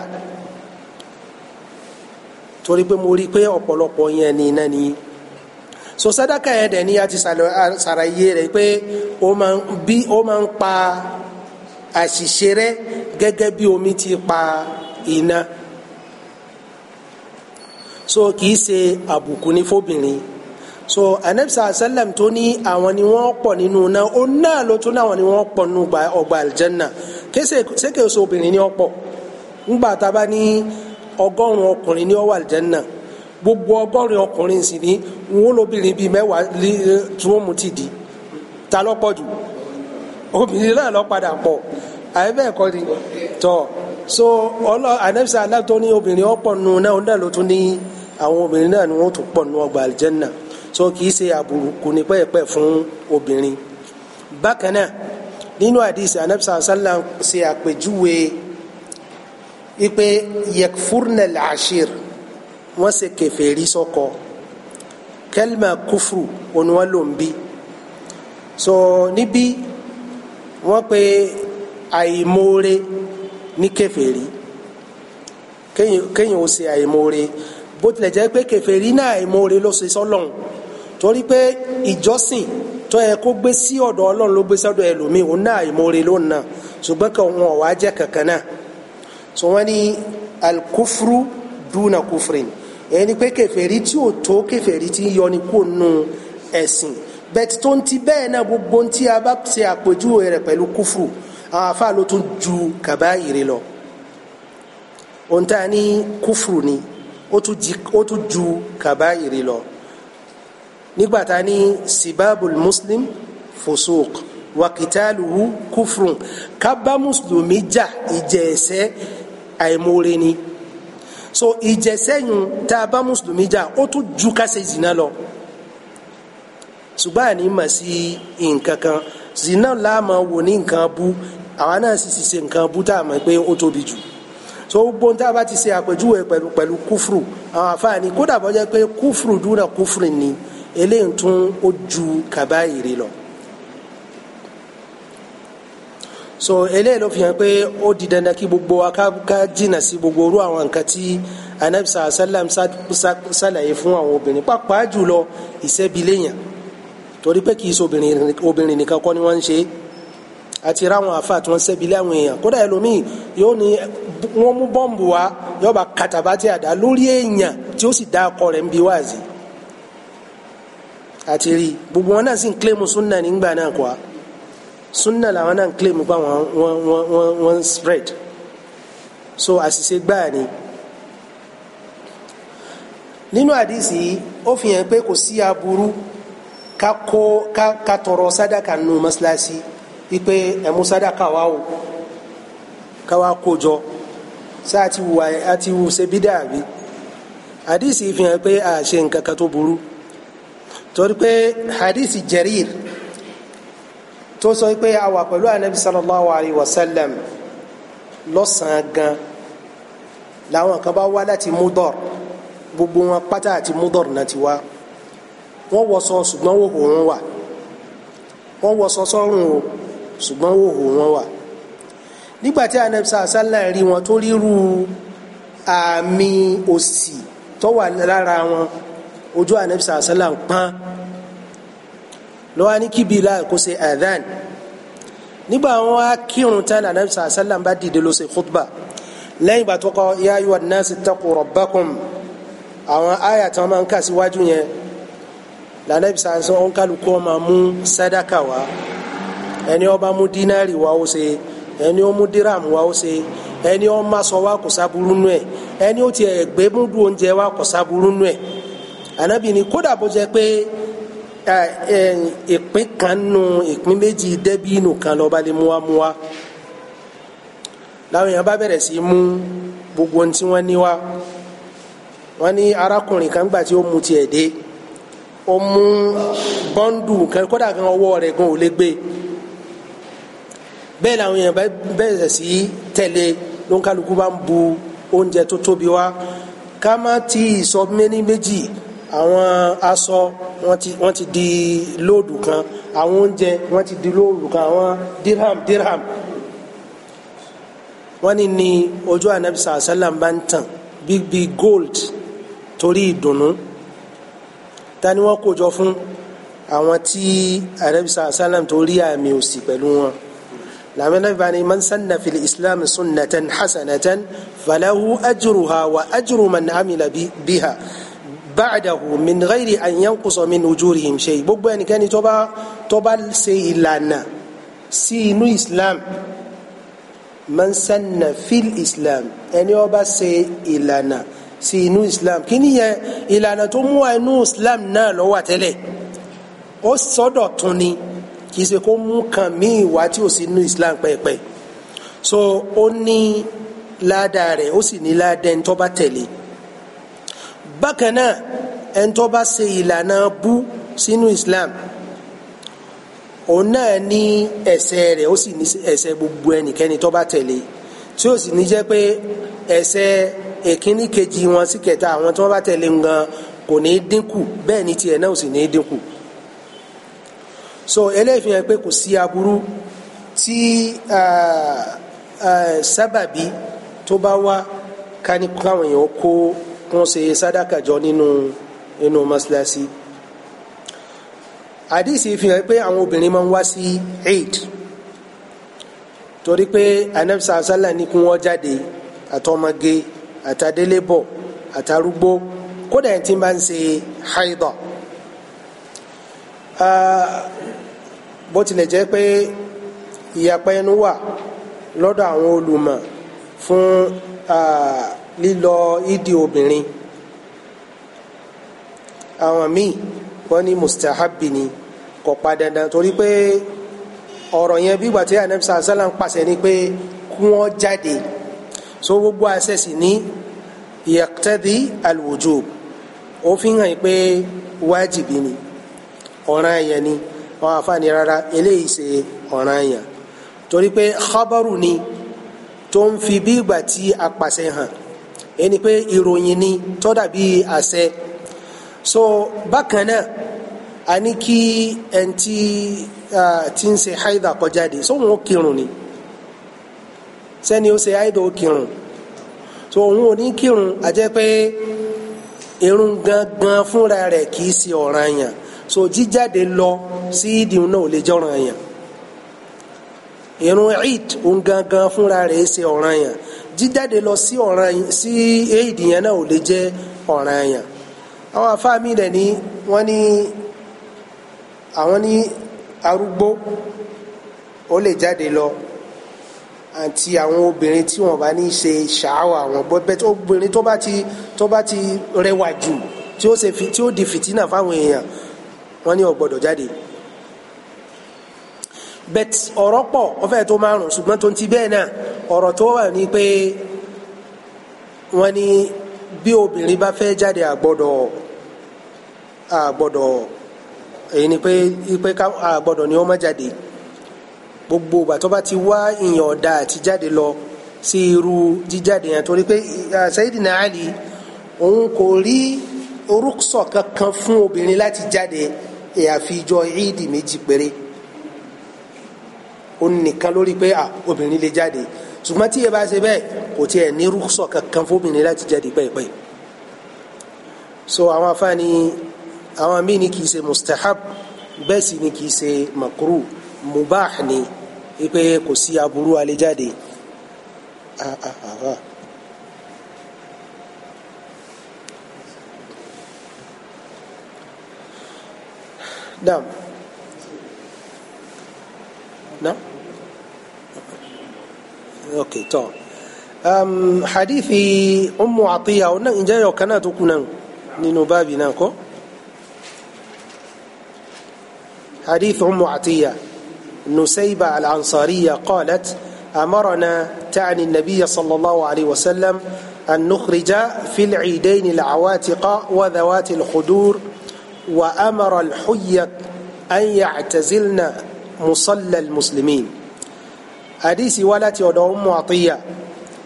torí pé mo rí i pé ọ̀pọ̀lọpọ̀ yẹn ni iná ni so sadaka yẹn dẹ̀ ni a ti ṣàlàyé rẹ̀ pé ó máa bí ó máa ń pa àṣìṣe rẹ̀ gẹ́gẹ́ bí omi ti pa iná so kìí ṣe àbùkù ní fóbìnrin so anabisa asalam tó ní àwọn ni wọ́n pọ̀ nínú náà ó náà ló tún àwọn ni wọ́n pọ̀ nínú ọgbà aljanna kéṣe oṣù obìnrin ni ọ̀pọ̀ ńgbà tá a bá ní ọgọ́rùn ọkùnrin ní ọwọ aljanna gbogbo ọgọ́rin ọkùnrin sì ni wọn lóbìnrin bíi mẹ́wàá tí wọ́n mú ti di ta lọ́pọ̀ jù obìnrin náà lọ padà pọ̀ àyẹ̀bẹ̀ ẹ̀kọ́ ni tọ́. So, so ọlọ anabisa aláàtọ ní obìnrin ọ̀pọ̀ nù náà ó náà ló tún ní àwọn obìnrin náà ni wọn tún pọ̀ ọgbà àlìjẹnà so kì í ṣe àbùkù ní pẹ́ẹ́pẹ́ fún obìnrin bákan náà nínú àdìsí anabisa asálà ṣe àpèjúwe ipe yekfurnel ashir wọn ṣe kèfèrí sọkọ kẹlma kufru onuwa lombi so níbí wọn pe àìmoore ní kèfèrí kéèyàn ó ṣe àìmoore bó tilẹ̀ jẹ́ pé kèfèrí náà àìmoore ló ṣe sọ́lọ́n torí pé ìjọsìn tó yẹ kó gbé sí ọ̀dọ̀ ọlọ́run ló gbé sọ́dọ̀ ẹlòmíì òun náà àìmoore ló nà ṣùgbọ́n kí wọn wàá jẹ́ kankan náà so wọ́n ní alkufru duna kufrin ẹni pé kèfèrí tí ò tó kèfèrí tí yọ ni kó nu ẹ̀sìn bẹ́ẹ̀ tó ń ti bẹ́ẹ̀ náà gbogbo ohun tí a bá ṣe àpèjúwe rẹ̀ pẹ̀lú kúfùrù àwọn afa ló tún ju kàbáyìrì lọ ohun tá a ní kúfùrù ni ó tún ju kàbáyìrì lọ nígbà tá a ní sibabul muslim fusuq wakitaluhu kufrun kaba mùsùlùmí jà ìjẹ àìmoore ni so ìjẹ sẹyìn tá a bá mùsùlùmí jà ó tún ju ká ṣe zina lọ ṣùgbọ́n àní mà sí nǹkan kan zina la máa wò ní àwa náà sì sì ṣe nǹkan bútà mọ̀ pé ó tóbi jù so gbogbo tá a bá ti ṣe àpèjúwe pẹ̀lú pẹ̀lú kúfùrù àwọn àfààní kódà bọ́ jẹ́ pé kúfùrù dúnà kúfùrù ni eléyìí tún ó ju kàbáyìrì lọ. so eléyìí ló fi hàn pé ó di dandan kí gbogbo wa ká jìnnà sí gbogbo orú àwọn nǹkan tí anabisa salam ṣàlàyé fún àwọn obìnrin pàápàá jùlọ ìṣẹ́bi léyìn torí pé kì í ṣe obìnrin nìkan kọ́ ni wọ́n ń ṣe é àti ráwọn afa tí wọ́n ṣẹ́bi láwọn èèyàn kódà ẹlòmíì yóò ní wọ́n mú bọ́ǹbù wá yóò bá kàtàbá tí a dá lórí èèyàn tí ó sì dá ọkọ rẹ̀ ń bi wáàzì àti rí gbogbo wọn náà sì ń kílèmù súnà nígbà náà kọ́ súnà làwọn náà ń kílèmù pa wọn wọn wọn wọn spread so àṣìṣe gbáà ni nínú àdìsí yìí ó fi hàn pé kò sí aburú ká kó ká tọrọ sádàkà nù mọ́ṣáláṣí ipe ẹmu sadaka wa o káwa kó jọ sáà ti wù àti wù ṣe bídà àbí hadisi fi hàn pé a ṣe nǹkan kan tó burú torí pé hadisi Jarir tó sọ pé a wà pẹ̀lú anabi sallallahu alayhi wa sallam lọ́sàn-án gan làwọn kan bá wá láti Mudar gbogbo wọn pátá àti Mudar náà ti wá wọ́n wọṣọ ṣùgbọ́n wò ó wọn wà wọ́n wọṣọ sọ́rùn o ṣùgbọ́n wòhò wọn wà nígbàtí anabisa asálà rí wọn tó ríru àmì òsì tó wà lára wọn ojú anabisa asálà ń pọ́n lọ́wọ́ ní kí Bilal kó nígbà wọn á kírun tán anabisa asálà bá dìde ló ṣe lẹ́yìn ìgbà tó kọ ya ayyuhan nasi taqu rabbakum àwọn àyà tí wọn máa ń kà síwájú yẹn lànà ìbísà ń sọ ọ̀nkálukú máa mú sàdákà wá ẹni ó bá mú dínárì wa ó ṣe ẹni ó mú dírámù wa ó ṣe ẹni ó má sọ wa kò sábúrú nù ẹ ẹni ó tiẹ̀ gbé múdu oúnjẹ wa kò sábúrú nù ẹ ànábì ni kódà bó jẹ́ pé ìpín kan nù ìpín méjì dẹ́bí nù kan lọ́ba lè mú wa làwọn èèyàn bá bẹ̀rẹ̀ sí mú gbogbo ohun tí wọ́n ní wa wọ́n ní arákùnrin kan gbà tí ó mu tiẹ̀ dé ó mú bọ́ńdù kan kódà kan ọwọ́ rẹ̀ gan ò lè gbé e bẹ́ẹ̀ làwọn èèyàn bẹ̀rẹ̀ sí tẹ̀lé ló ń kálukú bá ń bu oúnjẹ tó tóbi wá ká má ti sọ méní méjì àwọn aṣọ wọ́n ti di lóòdù kan àwọn oúnjẹ wọ́n ti di lóòdù kan àwọn dirham dirham wọ́n ni ní ojú anabi sàlám bá ń tàn bíbí gold torí ìdùnnú Tani ni wọ́n kó jọ fún àwọn tí anabi sàlám tó àmì òṣì pẹ̀lú wọn làwọn náà bani man sanna fil islam sunnatan hasanatan falahu ajruha wa ajru man amila biha ba'dahu min ghairi an yanqusa min ujurihim shay gbogbo ẹnikẹ́ni tó bá tó bá ṣe ìlànà sí inú islam man sanna fil islam ẹni ó bá ṣe ìlànà sí inú islam kí ni yẹn ìlànà tó wa inú islam náà ló wà tẹ́lẹ̀ ó sọ́dọ̀ tún ni kì í ṣe kó mú kan míì wá tí ò sí nínú islam pẹ́ẹ́pẹ́ so ó ní ládàá rẹ̀ ó sì ní ládàá ẹni tó bá tẹ̀lé bákan náà ẹni tó bá ṣe ìlànà bú sínú islam òun náà ní ẹ̀ṣẹ̀ rẹ̀ ó sì ní ẹ̀ṣẹ̀ gbogbo ẹnikẹ́ni tó bá tẹ̀lé tí ó sì ní jẹ́ pé ẹ̀ṣẹ̀ èkíní kejì wọn sí kẹta àwọn tí wọ́n bá tẹ̀lé ń gan kò ní dínkù bẹ́ẹ̀ ni tiẹ̀ náà ò sì ní dínkù so eléyìí fi hàn pé kò sí aburú tí sábàbí tó bá wá ká ní káwọn èèyàn kó kún ṣe sádàkà jọ nínú nínú mọ́ṣáláṣí àdìsí fi hàn pé àwọn obìnrin máa ń wá sí Eid torí pé anabisa asala ní kí wọ́n jáde àtọmọge àtàdélébọ̀ àtàrúgbó kódà ẹni tí ń bá ń ṣe haidọ̀ bó tilẹ̀ jẹ́ pé ìyapa ẹnu wà lọ́dọ̀ àwọn olùmọ̀ fún lílọ ìdí obìnrin àwọn míì wọ́n ní mustahabi ni kò pa dandan torí pé ọ̀rọ̀ yẹn bígbà tí anabi sàlá ń pàṣẹ ni pé kí wọ́n jáde so gbogbo àṣẹ sì ní yaqtadi al-wujub òfin hàn pé wájibí ni ọ̀ràn yẹn ni wọn àfààní rárá eléyìí ṣe ọ̀ràn yàn torí pé khabaru ni tó ń fi bí ìgbà tí a pàṣẹ hàn ẹni pé ìròyìn ni tó dàbí àṣẹ so bákan náà a ní kí ẹni ti ń ṣe haida kọjá de so wọn kírun ni sẹ́ni ó ṣe haida ó kírun so òun ò ní kírun àjẹ́ pé irun gangan fúnra rẹ̀ kì í ṣe ọ̀ranyàn so jíjáde lọ sí ìdìun náà ò lè jẹ́ ọ̀ràn yẹn ìrun eid òun gangan fúnra rẹ̀ ṣe ọ̀ràn yẹn jíjáde lọ sí ọ̀ràn sí eid yẹn náà ò lè jẹ́ ọ̀ràn yẹn àwọn afáàmì rẹ̀ ni wọ́n ní àwọn ní arúgbó ó lè jáde lọ àti àwọn obìnrin tí wọn bá ní ṣe ṣàáwà àwọn bẹ́ẹ̀ obìnrin tó bá ti tó bá ti rẹwà jù tí ó di fìtínà fáwọn èèyàn wọ́n ní ọ̀gbọ́dọ̀ jáde bẹ́t ọ̀rọ̀ pọ̀ ọ̀fẹ́ tó márùn ṣùgbọ́n tó ń ti bẹ́ẹ̀ náà ọ̀rọ̀ tó wà ní pé wọ́n ní bí obìnrin bá fẹ́ jáde àgbọ́dọ̀ àgbọ́dọ̀ èyí ni pé pé àgbọ́dọ̀ ni wọ́n má jáde gbogbo ìgbà tó bá ti wá ìyàn ọ̀dà àti jáde lọ sí irú jíjáde yẹn torí pé Sayyidina Ali òun kò rí orúkọ kankan fún obìnrin láti jáde àyàfi ìjọ ìdì méjì péré ó nìkan lórí pé à obìnrin lè jáde ṣùgbọ́n tí ẹ bá ṣe bẹ́ẹ̀ kò tiẹ̀ ní rúkṣọ̀ kankan fóbìnrin láti jáde pẹ́ẹ́pẹ́ so àwọn afáàní àwọn míì ní kì í ṣe mustahab bẹ́ẹ̀ sì ni kì í ṣe makru mubah ni pé kò sí aburú alẹ́ jáde. Ah, ah, ah, ah. نعم نعم اوكي تو طيب. ام hadithi ام عطيه wannan in jayo kana to kunan حديث أم عطية نسيبة الانصاريه قالت أمرنا تعني النبي صلى الله عليه وسلم أن نخرج في العيدين العواتق وذوات الخدور وأمر الحية أن يعتزلن مصلى المسلمين حديث ولاتي ودوم معطية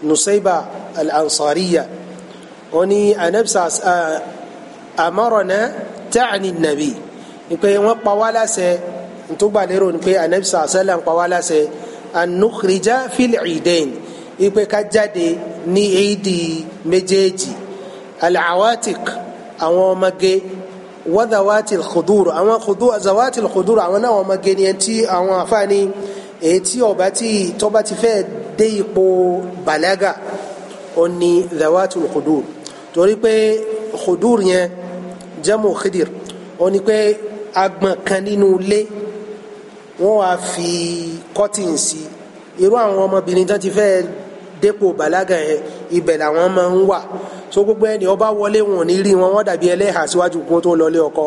نصيبة الأنصارية وني أنبس أمرنا تعني النبي نكوي وقبا ولا سي نتوبا ليرو نكوي أنبس أسلم قوالا سي أن نخرج في العيدين يبقى كجدي jáde ní èdè méjèèjì alawatik àwọn ọmọge wàdàwátì kùdúrù àwọn zawátì kùdúrù àwọn náà wọn magẹni ẹtí àwọn àfáàní ètí ọba tí tọba ti fẹ́ dé ipò bàlágà ó ní zawátì kùdúrù torí pé kùdúrù yẹn jamu khidir ó ní pé agbọ̀n kan nínú ilé wọ́n wá fi kọ́tìn sí irú àwọn ọmọbìnrin tó ti fẹ́ dépò bàlágà yẹn ibẹ̀ làwọn máa ń wà so gbogbo ẹni ọba wọlé wọn ò ní rí wọn wọ́n dàbí ẹlẹ́hà síwájú kó tó lọlé ọkọ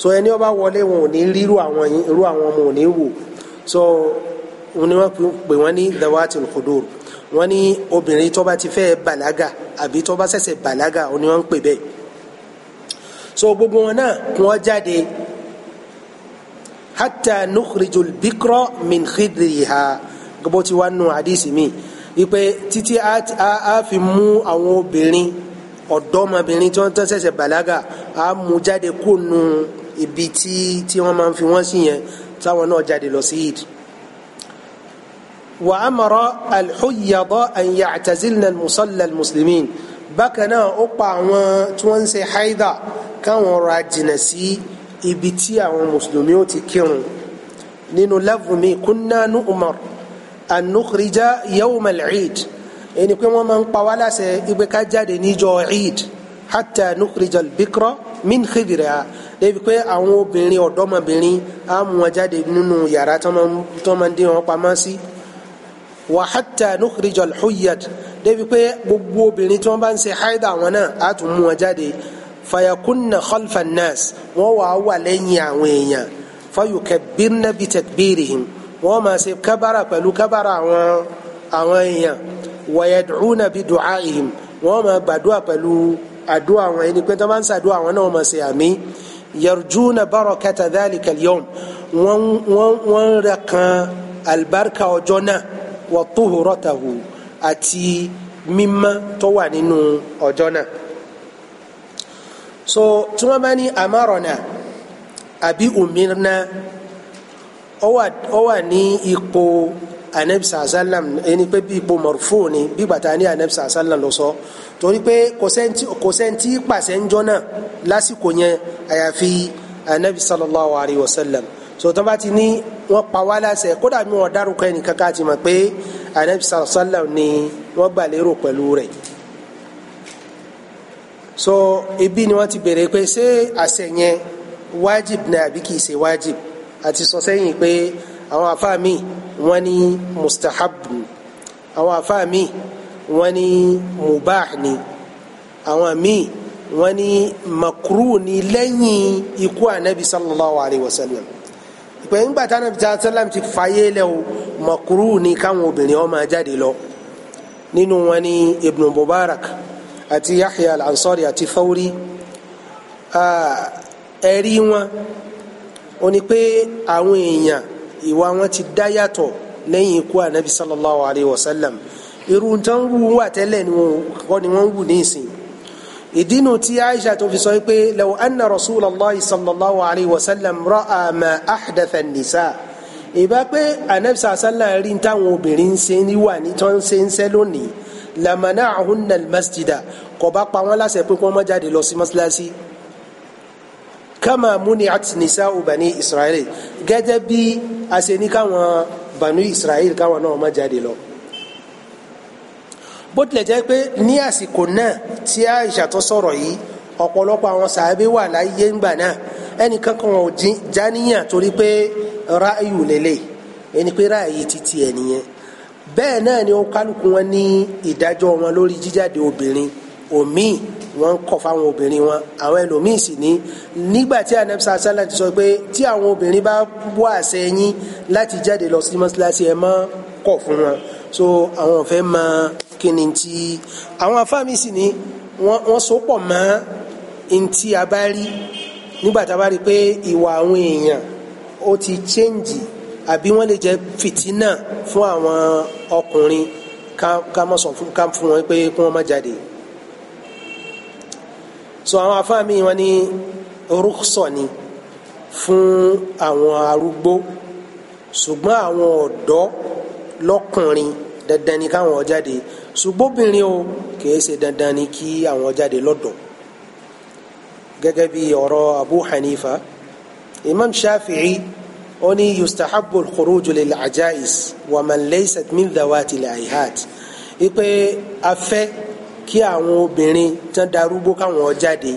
so ẹni ọba wọlé wọn ò ní rí irú àwọn irú àwọn ọmọ ò ní wò so ni wọ́n pè wọ́n ní dawatil khudur wọ́n ní obìnrin tó bá ti fẹ́ bàlágà àbí tó bá ṣẹ̀ṣẹ̀ bàlágà ni wọ́n ń pè bẹ́ẹ̀ so gbogbo wọn náà wọ́n jáde hatta nukhrijul bikra min khidriha gbogbo ti wá nù hadisi mi ipe títí a fi mú àwọn obìnrin ọ̀dọ́mọbìnrin tí wọ́n tán ṣẹ̀ṣẹ̀ bàlágà a mú jáde kó nu ibi tí tí wọ́n máa ń fi wọ́n sí yẹn táwọn náà jáde lọ sí ìdí. wa amara al-huyyada an ya'tazilna musalla al bákan náà ó pa àwọn tí wọ́n ń ṣe haida káwọn ra jìnnà sí ibi tí àwọn mùsùlùmí ó ti kírun nínú lafzi mi kunna anukurija yawmal eid ẹni pé wọ́n máa ń pa wá láṣẹ ìgbé ká jáde níjọ́ eid hata nukurija bikra min khidira débi pé àwọn obìnrin ọ̀dọ́mọbìnrin á mú wọn jáde nínú yàrá tó máa ń dín wọn pamọ́ sí wa hata nukurija alhuyyat débi pé gbogbo obìnrin tí wọ́n bá ń ṣe haida àwọn náà á tún mú wọn jáde fayakunna khalfa nas wọ́n wà á wà lẹ́yìn àwọn èèyàn fayukabbirna bitakbirihim wọ́n máa ṣe kábàrà pẹ̀lú kábàrà àwọn àwọn èèyàn wayad'una bi du'aihim wọ́n máa gbàdúrà pẹ̀lú àdúrà àwọn ẹni pé tó máa ń ṣàdúrà àwọn náà máa ṣe àmì yarjuna barakata dhalika al-yawm wọ́n wọ́n wọ́n rẹ̀ kan alibarika ọjọ́ náà wa tuhuratahu àti mímọ́ tó wà nínú ọjọ́ náà so tí wọ́n bá ní amarona àbí umirna ó wà ní ipò anabi sallam ẹni pé bí ipò mọ̀rùfò ni bí bàtà ní anabi sàásàlám lọ sọ torí pé kò sẹ́ńtì pàṣẹ ń jọ́nà lásìkò yẹn àyàfi anabi sallallahu alayhi wa sallam sọtọ́n bá ti ní wọ́n pa wá láṣẹ kódà mi wọ́n dárúkọ ẹnì kankan mọ̀ pé anabi sallam ni wọ́n gbà lérò pẹ̀lú rẹ̀ so ibi ni wọ́n ti bèrè pé ṣé àṣẹ yẹn wájib ni àbí kìí ṣe wájib àti sọ sẹ́yìn pé àwọn àfáà mi wọ́n ní mustahab àwọn àfáà mi wọ́n ní mubah ni àwọn míì wọ́n ní makru ni lẹ́yìn ikú anabi sallallahu alayhi wa sallam ìpè ńgbà tí anabi sallallahu alayhi wa sallam ti fàyè lẹ́wọ̀ makru ni káwọn obìnrin ó máa lọ nínú wọn ní ibn mubarak àti yahya al-ansari àti fawri ah, ẹ̀rí wọn ó ní pé àwọn èèyàn ìwà wọn ti dá yàtọ̀ lẹ́yìn ikú anabi sallallahu alayhi wa sallam irú tán wù wà tẹ́lẹ̀ kọ́ ni wọ́n wù ní ìsìn ìdínú tí aisha tó fi sọ pé law anna rasulallah sallallahu alayhi wa sallam ra'a ma ahdatha nisa ìbá pé anabi sàlá rí táwọn obìnrin ń ṣe ní tó ṣe ń ṣe lónìí lamana'ahunna al-masjida kò pa wọ́n láṣẹ pé kí wọ́n má jáde lọ sí mọ́sálásí. Si kama muniat nisa'u bani israeli gẹ́gẹ́ bí a ṣe ní káwọn bani israeli káwọn náà má jáde lọ bó tilẹ̀ jẹ́ pé ní àsìkò náà tí Aisha tó sọ̀rọ̀ yìí ọ̀pọ̀lọpọ̀ àwọn sàábé wà láyé ńgbà náà ẹnìkan kan ò jáníyàn torí pé ráàyù lélẹ̀ ẹni pé ráàyè títí ẹ̀ nìyẹn bẹ́ẹ̀ náà ni ó kálukú wọn ní ìdájọ́ wọn lórí jíjáde obìnrin òmíì wọ́n ń kọ̀ fáwọn obìnrin wọn àwọn ẹlòmíì sì ní nígbà tí anabi sàlá sàlá ti sọ pé tí àwọn obìnrin bá wá àṣẹ yín láti jáde lọ sí mọ́ṣáláṣí ẹ máa kọ̀ fún wọn so àwọn ò fẹ́ mọ kí ni ti àwọn afáàmì sì ní wọ́n so pọ̀ mọ́ ntí a bá rí nígbà tá a bá rí i pé ìwà àwọn èèyàn ó ti chẹ́ǹjì àbí wọ́n lè jẹ́ fìtínà fún àwọn ọkùnrin ká mọ̀ sọ fún wọn pé kí wọ́n má jáde so àwọn afáàmì wọn ní rúkṣọ ni fún àwọn arúgbó ṣùgbọ́n àwọn ọ̀dọ́ lọ́kùnrin dandan ni káwọn jáde ṣùgbọ́n obìnrin o kìí ṣe dandan ni kí àwọn jáde lọ́dọ̀ gẹ́gẹ́ bí ọ̀rọ̀ Abu Hanifa Imam Shafi'i ó yustahabu al lil-ajais wa man laysat min dhawati al-ayhat ipe afẹ́ kí àwọn obìnrin tán darúgbó káwọn jáde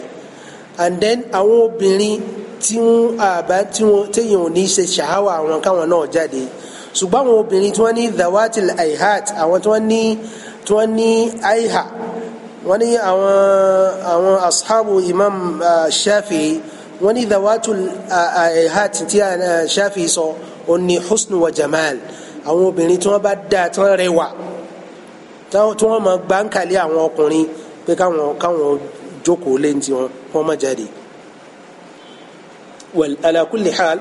and then àwọn obìnrin tí wọn àbá tí wọn téèyàn ò ní ṣe ṣàháwà àwọn káwọn náà jáde ṣùgbọ́n àwọn obìnrin tí wọ́n ní zawatil aihat àwọn tí wọ́n ní tí wọ́n ní aiha wọ́n ní àwọn àwọn ashabu imam shafi wọ́n ní zawatul aihat tí shafi sọ ò ní husnu wa jamal àwọn obìnrin tí wọ́n bá dáa tí rẹwà tí wọ́n máa gbáǹkàlẹ̀ àwọn ọkùnrin pé káwọn káwọn jókòó lé ní tiwọn wọ́n má jáde. wal ala kulli hal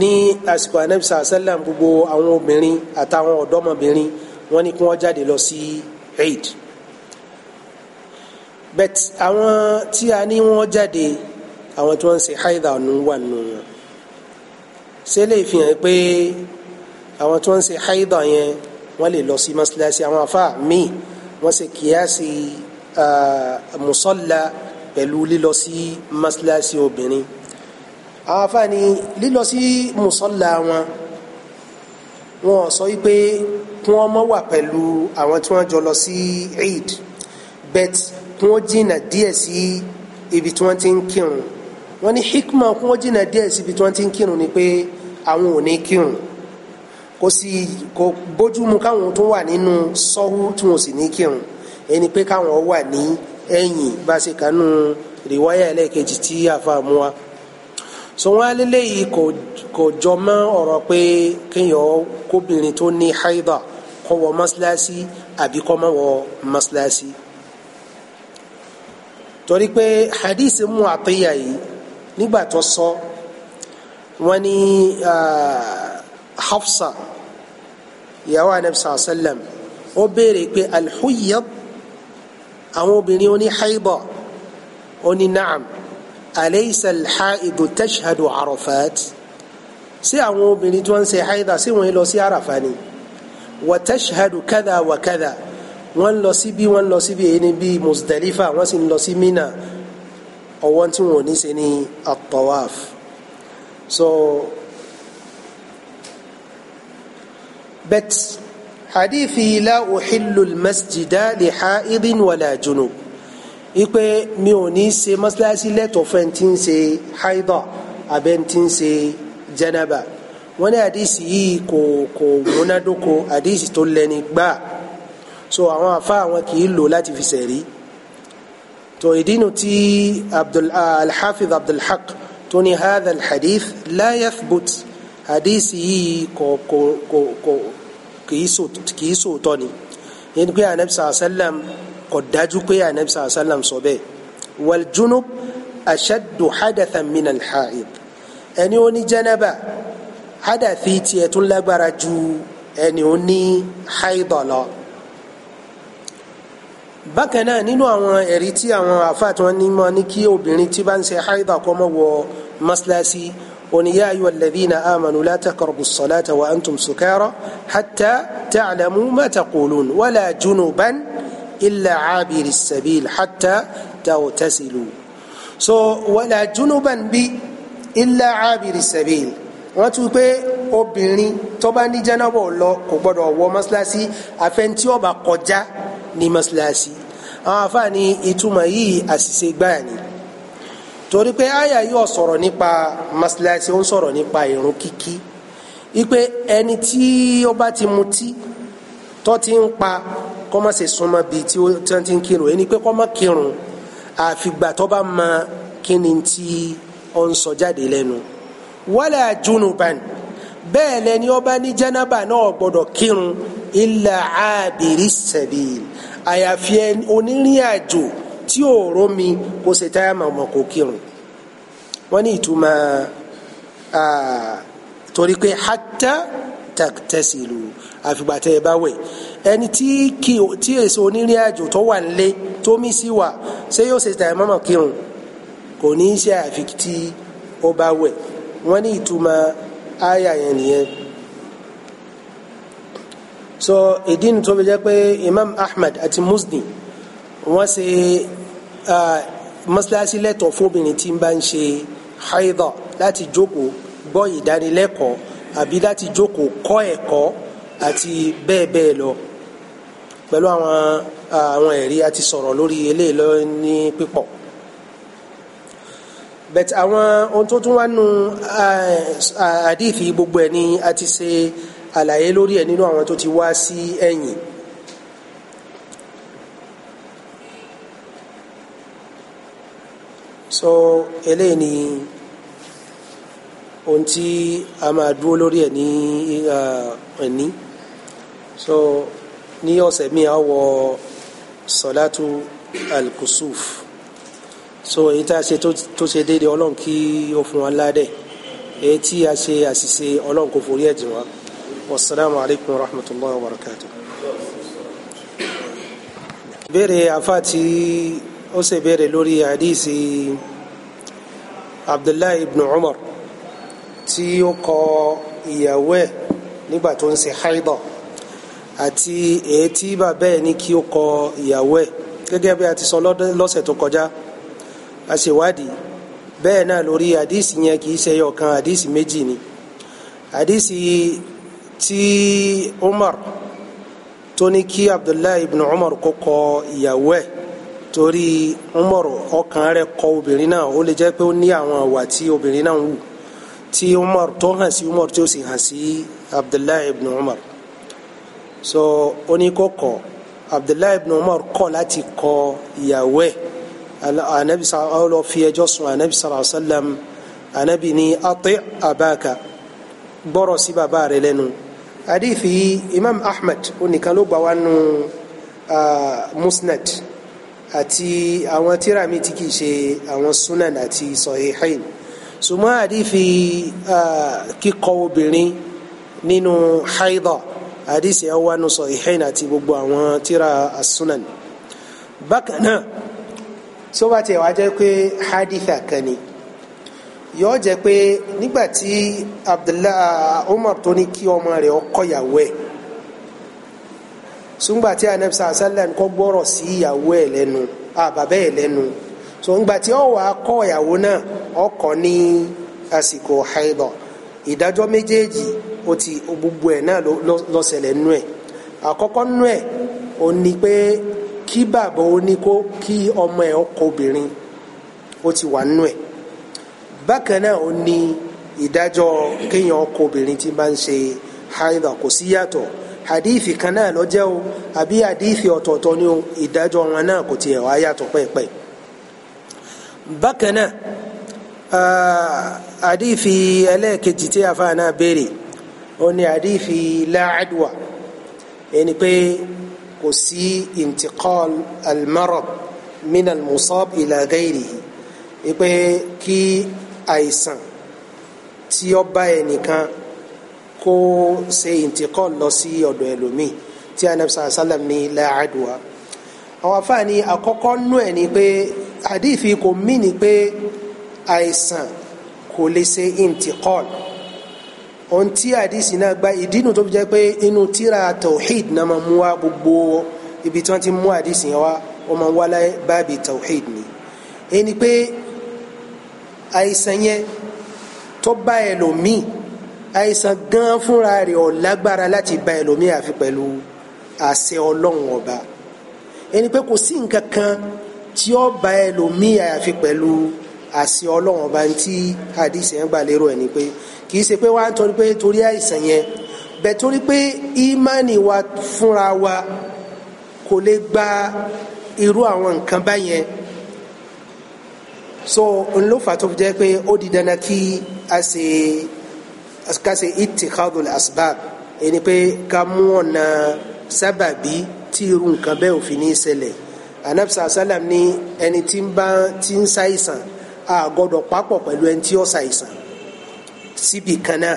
ní àsìkò anabi sàlám gbogbo àwọn obìnrin àtàwọn ọ̀dọ́mọbìnrin wọ́n ní kí wọ́n jáde lọ sí eid bet àwọn tí a ní wọ́n jáde àwọn tí wọ́n ń ṣe haidha ọ̀nù wà nù wọn ṣé fi hàn pé àwọn tí wọ́n ń ṣe haidha yẹn wọ́n lè lọ sí mọ́sálásí àwọn afa míì wọ́n sì kíyàsí mùsọ́lá pẹ̀lú lílọ sí mọ́sálásí obìnrin àwọn afa ni lílọ sí mùsọ́lá wọn wọn sọ wípé kí wọ́n mọ́ wà pẹ̀lú àwọn tí wọ́n jọ lọ sí eid bet kí wọ́n jìnnà díẹ̀ sí ibi tí wọ́n ti ń kírun wọ́n ní hikma kí wọ́n jìnnà díẹ̀ sí ibi tí wọ́n ti ń kírun ni pé àwọn ò ní kírun kò sì kò bójúmu káwọn tó wà nínú sọ́hú tí wọn sì ní kírun ẹni pé káwọn wà ní ẹ̀yìn bá a ṣe kánú rìwáyà ẹlẹ́ẹ̀kejì tí àfàmù wa so wọn alẹ́lẹ́ yìí kò kò jọ mọ́ ọ̀rọ̀ pé kéèyàn kóbìnrin tó ní haida kó wọ mọ́ṣáláṣí àbí kó má wọ mọ́ṣáláṣí torí pé hadith mu àtẹ́yà yìí nígbà tó sọ wọ́n ní. Uh, hafsa ìyàwó anabi sàlá sàlám ó béèrè pé alḥuyyab àwọn obìnrin oní haibọ oní naam alaysa alḥaidu tashhadu arafat sí àwọn obìnrin tí wọ́n ń ṣe haida sí wọ́n lọ sí arafa ni wa tashhadu kada wa kada wọ́n lọ sí bí lọ sí èyí ni bí musdalifa wọ́n sì lọ sí mina ọwọ́n tí wọ́n ò ní ṣe ní at so. bet hadithi la uhillu masjida li haidin wala junub ipe mi ò ní ṣe mọ́sálásí lẹ́tọ̀ fẹ́n tí ń ṣe haidọ̀ abẹ́ tí ń ṣe janaba wọ́n ní àdìsí yìí kò kò múnádóko àdìsí tó lẹ́ni gbáà so àwọn afa àwọn kì í lò láti fi sẹ̀rí tó ìdínú tí alḥafiz abdulhaq tó ní hadha alḥadith la yathbut àdìsí yìí kò kò kò kìí sòótọ́ ni yẹn pé anabi sàlám kò dájú pé anabi sàlám sọ bẹ́ẹ̀ wal junub ashaddu hadathan min al-ha'id ẹni ó ní jẹnẹba hadathi tiẹ̀ tún lágbára ju ẹni ó ní haidọ̀ lọ bákan náà nínú àwọn ẹ̀rí tí àwọn àfáà tí wọ́n ní mọ́ ní kí obìnrin tí bá ń ṣe haidọ̀ kó má wọ mọ́ṣáláṣí oni ya ayyuha alladhina amanu la taqrabu as-salata wa antum sukara hatta ta'lamu ma taqulun wala junuban illa abiri as-sabil hatta tawtasilu so wala junuban bi illa abiri as-sabil wọ́n tún pé obìnrin tó bá ní jẹ́nàbọ̀ lọ kò gbọ́dọ̀ wọ mọ́ṣáláṣí àfẹn tí ó bá kọjá ní mọ́ṣáláṣí àwọn afáàní ìtumọ̀ yìí àṣìṣe gbáà ni torí pé àyà yóò sọ̀rọ̀ nípa masilasi ó ń sọ̀rọ̀ nípa irun kíkí ipe ẹni tí ó bá ti mutí tó ti ń pa kó má ṣe súnmọ́ bíi tí ó ti ń kírun ẹni pé kó má kírun àfìgbà tó bá mọ kíni tí ó ń sọ jáde lẹ́nu wala junuban bẹ́ẹ̀ lẹni ó bá ní jẹ́nàbà náà gbọ́dọ̀ kírun illa abiri sabil àyàfi onírìn àjò tí òòró mi kò ṣe táyà màmá kò kírun wọ́n ní ìtumọ̀ torí pé hatta tẹ̀sílù àfìgbà tẹ́ ẹ bá wẹ̀ ẹni tí kì tí èso onírìn àjò tó wà nílé tó mí sí wà ṣé yóò ṣe tàyà mọ́mọ́ kírun kò ní í ṣe àfi tí ó bá wẹ̀ wọ́n ní ìtumọ̀ àyà yẹn nìyẹn. so ìdí nu tó jẹ́ pé Imam Ahmad àti Muslim wọ́n ṣe mọ́ṣáláṣí lẹ́tọ̀ fóbìnrin tí ń bá ń ṣe haidọ̀ láti jókòó gbọ́ ìdánilẹ́kọ̀ọ́ àbí láti jókòó kọ́ ẹ̀kọ́ àti bẹ́ẹ̀ bẹ́ẹ̀ lọ pẹ̀lú àwọn àwọn ẹ̀rí àti sọ̀rọ̀ lórí eléyìí lọ ní pípọ̀ bẹ̀t àwọn ohun tó tún wá nu àdìfí gbogbo ẹ̀ ni a ti ṣe àlàyé lórí ẹ̀ nínú àwọn tó ti wá sí ẹ̀yìn. so eléyìí ni ohun tí a máa dúró lórí ẹ̀ ní ẹ̀ní so ní ọ̀sẹ̀ mi a wọ sọ̀látù alkusuf so èyí tá a ṣe tó ṣe déédéé ọlọ́run kí ó fún wa ládẹ̀ èyí tí a ṣe àṣìṣe ọlọ́run kò forí ẹ̀jìn wa wasalaamu alaykum wa rahmatulahi wa barakatu. ìbéèrè afa ti ó ṣe béèrè lórí àdìsí abdullahi ibn umar tí ó kọ ìyàwó ẹ̀ nígbà tó ń ṣe haidọ̀ àti èyí tí bàbá ẹ̀ ní kí ó kọ ìyàwó ẹ̀ gẹ́gẹ́ bí a ti sọ lọ́sẹ̀ tó kọjá a ṣèwádìí bẹ́ẹ̀ náà lórí àdìsí yẹn kì í ṣe ọ̀kan àdìsí méjì ni àdìsí tí umar tó ní kí abdullahi ibn umar kó kọ ìyàwó ẹ̀ torí Umaru ọkàn rẹ̀ kọ obìnrin náà ó lè jẹ́ pé ó ní àwọn àwà tí obìnrin náà ń wù tí Umaru tó hàn sí Umaru tí ó sì hàn sí Abdullahi ibn Umar so oníkókò Abdullahi ibn Umar kọ̀ láti kọ ìyàwó ẹ̀ anabi sàlọ́ lọ fi ẹjọ́ sùn anabi sàlọ́ sàlám anabi ní ati abaka gbọ́rọ̀ sí bàbá rẹ̀ Adi hadithi Imam Ahmed onìkan ló gbà wá nù ah, musnad àti àwọn tíra mi tí kìí ṣe àwọn sunan àti sahihain ṣùgbọ́n àdífi kíkọ obìnrin nínú haidha àdísì àwọn wánu sahihain àti gbogbo àwọn tíra sunan bákan náà sọba tiẹ̀ wá jẹ́ pé haditha kan ni yọ jẹ́ pé nígbà tí Abdullah Umar tó ní kí ọmọ rẹ̀ ọkọ yàwó sùgbà tí anabi sàlẹ̀ kọ́ gbọ́rọ̀ sí ìyàwó ẹ̀ lẹ́nu àbàbẹ́ ẹ̀ lẹ́nu sùgbà tí ó wá kọ́ ìyàwó náà ọkọ̀ ní àsìkò haibọ̀ ìdájọ́ méjèèjì ó ti gbogbo ẹ̀ náà ló ṣẹlẹ̀ nú ẹ̀ àkọ́kọ́ nú ẹ̀ ó ní pé kí bàbá ó ní kó kí ọmọ ẹ̀ ọkọ obìnrin ó ti wà nú ẹ̀ bákan náà ó ní ìdájọ́ kéèyàn ọkọ obìnrin tí bá ń ṣe haibọ̀ kò sí yàtọ̀ hadithi kan náà ló jẹ́ o àbí hadithi ọ̀tọ̀ọ̀tọ̀ ni o ìdájọ́ wọn náà kò tiẹ̀ wá yàtọ̀ pẹ́ẹ́pẹ́ bákan náà hadithi ẹlẹ́ẹ̀kejì tí afa náà béèrè ó ní hadithi láàdùwà ẹni pé kò sí intikal almarab min almusab ila gairihi pé kí àìsàn tí ó bá ẹnìkan kó ṣe intikal lọ sí ọ̀dọ̀ ẹlòmíì tí anabi sàlá sàlám ní láàdùá àwọn afáàní àkọ́kọ́ nú ẹ̀ ni pé àdìfi kò mí ni pé àìsàn kò lè ṣe intikal ohun tí àdìsí náà gba ìdínú tó fi jẹ́ pé inú tíra tawhid náà máa mú wa gbogbo ibi tí wọ́n ti mú àdìsí yẹn wá máa ń báàbí tawhid ni ẹni pé àìsàn yẹn tó bá ẹlòmíì àìsàn gan fúnra rẹ̀ ò lágbára láti ba ẹlòmíì àfi pẹ̀lú àṣẹ ọlọ́run ọba ẹni pé kò sí nǹkan kan tí ó ba ẹlòmíì àfi pẹ̀lú àṣẹ ọlọ́run ọba tí àdìsí yẹn gbà lérò ẹ̀ ni pé kì í ṣe pé wá ń torí pé torí àìsàn yẹn bẹ̀ torí pé ìmánì wa fúnra wa kò lè gba irú àwọn nǹkan báyẹn so n ló fà tó fi jẹ́ pé ó di dandan kí a ṣe ká ṣe itikadul asbab ẹni pé ká mú ọ̀nà sábàbí tí irú nǹkan bẹ́ẹ̀ ò fi ní ṣẹlẹ̀ anabisa salam ní ẹni tí ń bá ti ń ṣàìsàn a gbọ́dọ̀ papọ̀ pẹ̀lú ẹni tí ó ṣàìsàn síbi kan náà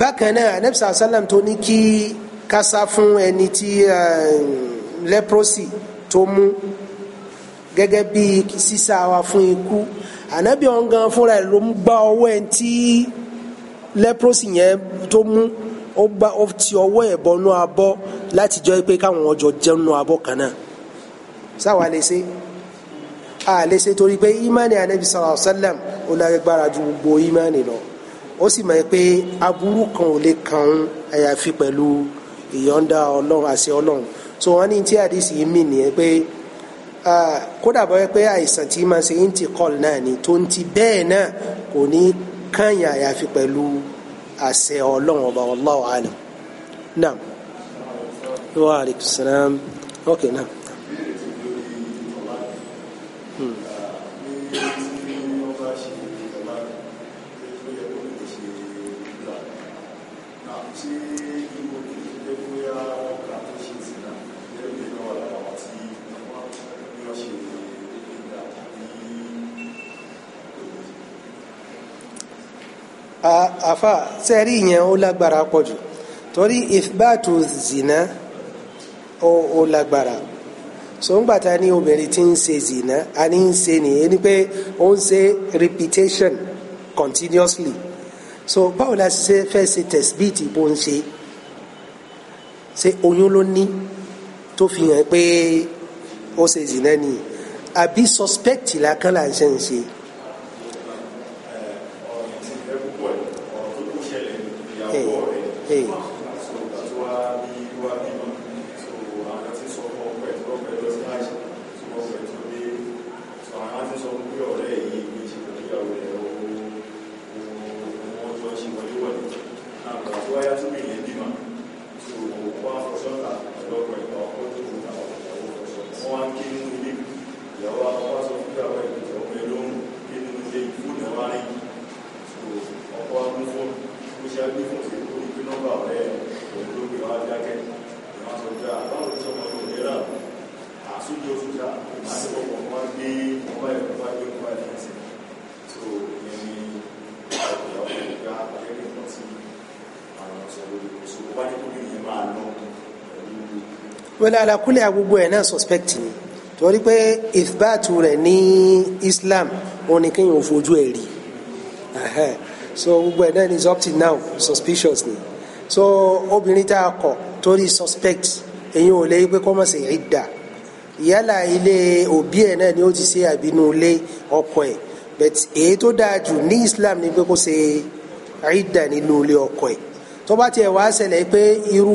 bákan anabisa salam tó ní kí ká fún ẹni tí leprosy tó mú gẹ́gẹ́ bí sísá wa fún ikú ànábì ọ̀hún gan fúnra ẹ̀ ló ń gbá ọwọ́ ẹ̀ tí leprosy yẹn tó mú ó gbá ó ti ọwọ́ ẹ̀ bọnú abọ́ láti jọ pé káwọn ọjọ́ jẹun abọ́ kan náà sáwa lè ṣe a lè ṣe torí pé imani anabi sallallahu alayhi wa sallam ó lágbára ju gbogbo imani lọ ó sì mọ̀ pé aburú kan ò lè kàn án àyàfi pẹ̀lú ìyọ̀ǹda ọlọ́run àṣẹ ọlọ́run so wọ́n ní tí àdìsí yìí mì nìyẹn pé. Ah, kódà bọ́ pé àìsàn tí máa ṣe intikọ́l náà ni tó ń ti bẹ́ẹ̀ náà kò ní kányà àyàfi pẹ̀lú àṣẹ ọlọ́run ọba wallahu alam naam wa alaikum salam ok naam. Hmm. àfa sẹ́rí yẹn ó lágbára pọ̀ jù torí ìfibàtú zina ó lágbára so ńgbà a ní obìnrin tí ń ṣe zina a ní ń ṣe nìyẹn ni pé ó ń ṣe repetition continuously so báwo la ṣe fẹ́ ṣe tẹ̀síbìtì bó ń ṣe ṣe oyún ló ní tó fi hàn pé ó ṣe zina nìyí àbí suspect làkàn là ń ṣe ń ṣe. wẹ́lẹ́ alakule agbogbo ẹ̀ náà suspect ni torí pé ìfbàtú rẹ̀ ní Islam wọn ni kéèyàn fojú ẹ̀ rí so gbogbo ẹ̀ náà is up till now suspicious ni so obìnrin tá a kọ̀ torí suspect èyí ò lè pé kọ́ mọ̀ sí ìdá yálà ilé òbí ẹ̀ náà ni ó ti ṣe àbínú ilé ọkọ ẹ̀ but èyí tó dáa jù ní Islam ni pé kó ṣe ìdá nínú ilé ọkọ ẹ̀ tó bá tiẹ̀ wá ṣẹlẹ̀ pé irú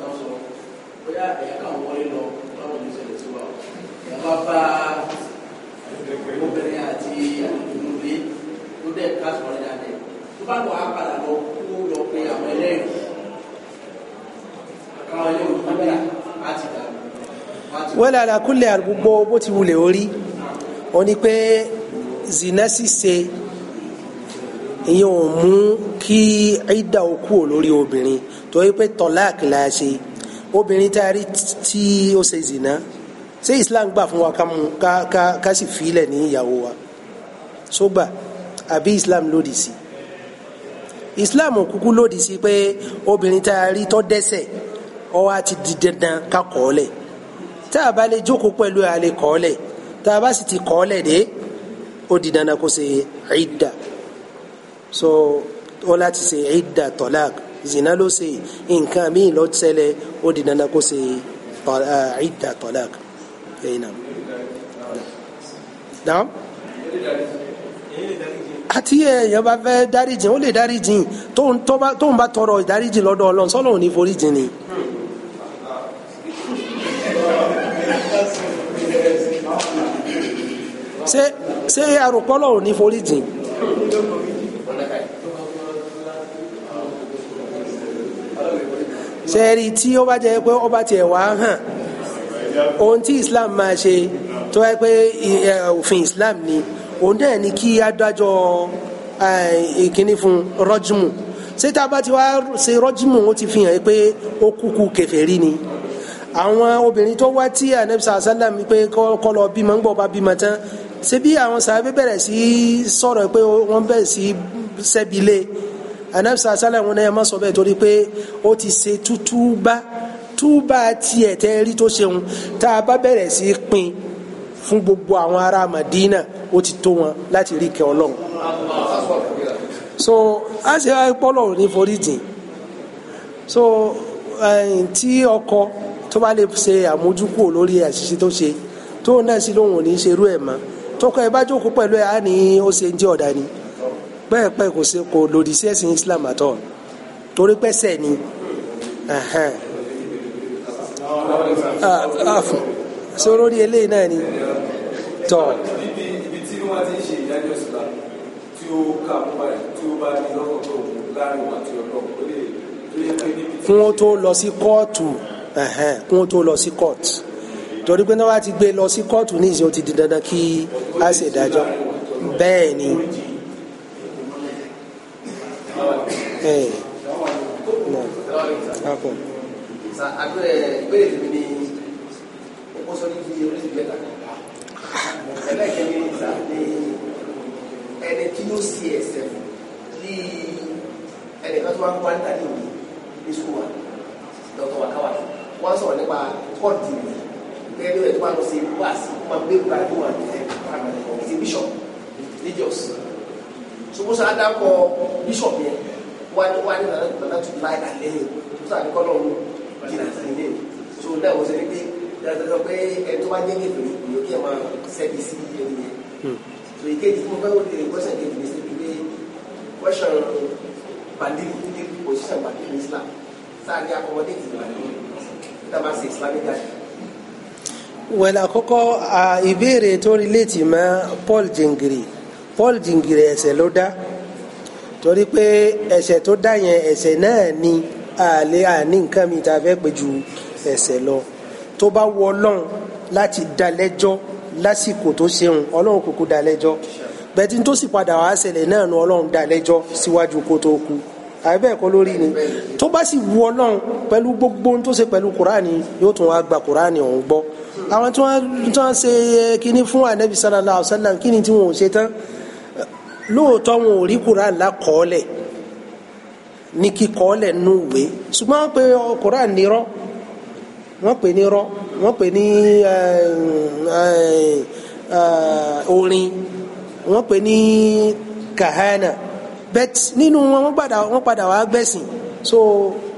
bóyá ẹ̀yà kan wọlé lọ lọ́wọ́ ní ìṣẹ̀lẹ̀ tí wà ó bá bá obìnrin àti àdúgbòlé tó dẹ̀ ká sọ̀rọ̀ ní adẹ̀ tó bá lọ apàdà lọ kó lọ pé àwọn ẹlẹ́rìí àwọn ẹlẹ́rìí wọn bẹ̀rẹ̀ àti dàgbà. wọ́n lára kúlẹ̀ àgbogbo bó ti wulẹ̀ orí ó ní pé zina ṣíṣe ìyẹn ò mú kí ìdá okú ò lórí obìnrin torí pé tọ́láàkì la ṣe obìnrin tá a rí tí ó ṣe zina ṣé islam gbà fún wa ká mú ká ká ká sì filẹ̀ ní ìyàwó wa sógbà àbí islam lòdì sí islam kúkú lòdì sí pé obìnrin tá a rí tó dẹ́ṣẹ̀ ó wá ti di dandan ká kọ̀ ọ́ lẹ̀ tá a bá lè jókòó pẹ̀lú àlè kọ̀ ọ́ lẹ̀ tá a bá sì ti kọ̀ lẹ̀ dé ó di dandan kó ṣe idda so ó láti ṣe idda tọ́láàkì zina ló ṣe nǹkan míì ló ṣẹlẹ̀ ó di dandan kó ṣe ìdá tọ́lák ẹ̀yìn náà. Naam àti èèyàn bá fẹ́ dáríjì ó lè dáríjì tóun bá tọrọ ìdáríjì lọ́dọ̀ ọlọ́run sọ́lọ́run ní foríjì ni. ṣé ṣé arùpọ̀ lọ́run ní sẹ́ẹ̀rì tí ó bá jẹ́ pé ó bá tiẹ̀ wá hàn ohun tí Islam máa ṣe tó yẹ pé òfin Islam ni òun náà ni kí adájọ́ ìkíní fún rọ́jùmù síta bá ti wá ṣe rọ́jùmù ó ti fi hàn pé ó kúkú kèfèrí ni àwọn obìnrin tó wá tí anabi sàlám pé kọ́ lọ bímọ ń gbọ́ bá bímọ tán ṣé bí àwọn sàbẹ̀ sí sọ̀rọ̀ pé wọ́n bẹ̀rẹ̀ sí sẹ́bi lé anabisa asálẹ̀ wọn náà ẹ má sọ bẹ́ẹ̀ torí pé ó ti ṣe tútúbá túbá tiẹ̀ tẹ́ rí tó ṣeun tá a bá bẹ̀rẹ̀ sí í pín fún gbogbo àwọn ará Madina ó ti tó wọn láti rí kẹ́ Ọlọ́run so a ṣe pọ́lọ̀ ní foríjìn so tí ọkọ tó bá lè ṣe àmójúkúrò lórí àṣìṣe tó ṣe tó náà sí lóhùn ò ní ṣerú ẹ̀ mọ́ tọkọ ẹ bá jókòó pẹ̀lú ẹ̀ á ní ó ṣe ń jẹ́ ọ̀dà pẹ́ẹ̀pẹ́ kò ṣe kò lòdì sí ẹ̀sìn Islam àtọ̀ torí pẹ́sẹ̀ ni so ah, ah, lórí eléyìí náà ni tọ́. ibi tí wọ́n ti ń ṣe ìdájọ́ sílá tí ó kà mú báyìí tí ó bá tó lọ sí kóòtù kí wọ́n tó lọ sí kóòtù torí pé náà wá ti gbé lọ sí kóòtù ní ìsìn ó ti di dandan kí a ṣèdájọ́ bẹ́ẹ̀ ni. Eh. No. Ako. Sa agbe gbe ti ni o so ni ki o ni beta. Ele ke ni eh, sa ni ẹni tí ó sí ẹsẹ̀ fún ní ẹni kan tó wá ń gbá níta ní òní ní sùkúù wa dr wakawa wọ́n sọ̀rọ̀ nípa kọ́ọ̀tì rẹ̀ gẹ́gẹ́ bí ẹ̀tọ́ wọn ṣe wá sí wọn gbé gba ẹ̀kọ́ wọn ní ẹ̀kọ́ ìṣe bishop ní Jos so wọ́n sọ adákọ̀ bishop yẹn wá ní wá ní nàná tó láì dà lẹ́yìn tó sàbí kọ́lọ̀ ń jìnà sí ilé so náà wọ́n ṣe ní pé dáadáa pé ẹni tó bá jẹ́ ní ìfèrè ìlú kí ẹ máa ṣẹ́bi sí ẹni yẹn so ìkéjì tí mo fẹ́ wọ́n lè question kejì ní síbi pé question bandiri ní position bandiri Islam sáà ní accommodate bandiri dábà sí Islamic guide wẹ̀lá well, àkọ́kọ́ ìbéèrè tó rí létí Paul Jingiri Paul Jingiri ẹ̀sẹ̀ ló dá torí pé ẹ̀ṣẹ̀ tó dá yẹn ẹ̀ṣẹ̀ náà ni àlè àní nǹkan mi ta fẹ́ pè ju ẹ̀ṣẹ̀ lọ tó bá wọ ọlọ́run láti dá lẹ́jọ́ lásìkò tó ṣeun ọlọ́run kúkú dá lẹ́jọ́ bẹ́ẹ̀tì tó sì padà wá ṣẹlẹ̀ náà nu ọlọ́run dá síwájú kó tó kú àbẹ́ ẹ̀kọ́ lórí ni tó bá sì wu ọlọ́run pẹ̀lú gbogbo tó ṣe pẹ̀lú kuraani yóò tún wá gba kuraani ọ̀hún gbọ́ àwọn tí wọ́n ṣe kínní fún anabi sallallahu alayhi wa sallam kínní tí wọ́n ṣe eh, tán lóòótọ́ wọn ò rí Quran lákọọ́lẹ̀ ní kíkọọ́lẹ̀ nù wé ṣùgbọ́n wọ́n pe Quran nírọ́ wọ́n pe nírọ́ wọ́n pe ní eh, eh, eh, orin wọ́n pe ní kahana bet nínú wọn wọ́n padà wá gbẹ̀sìn so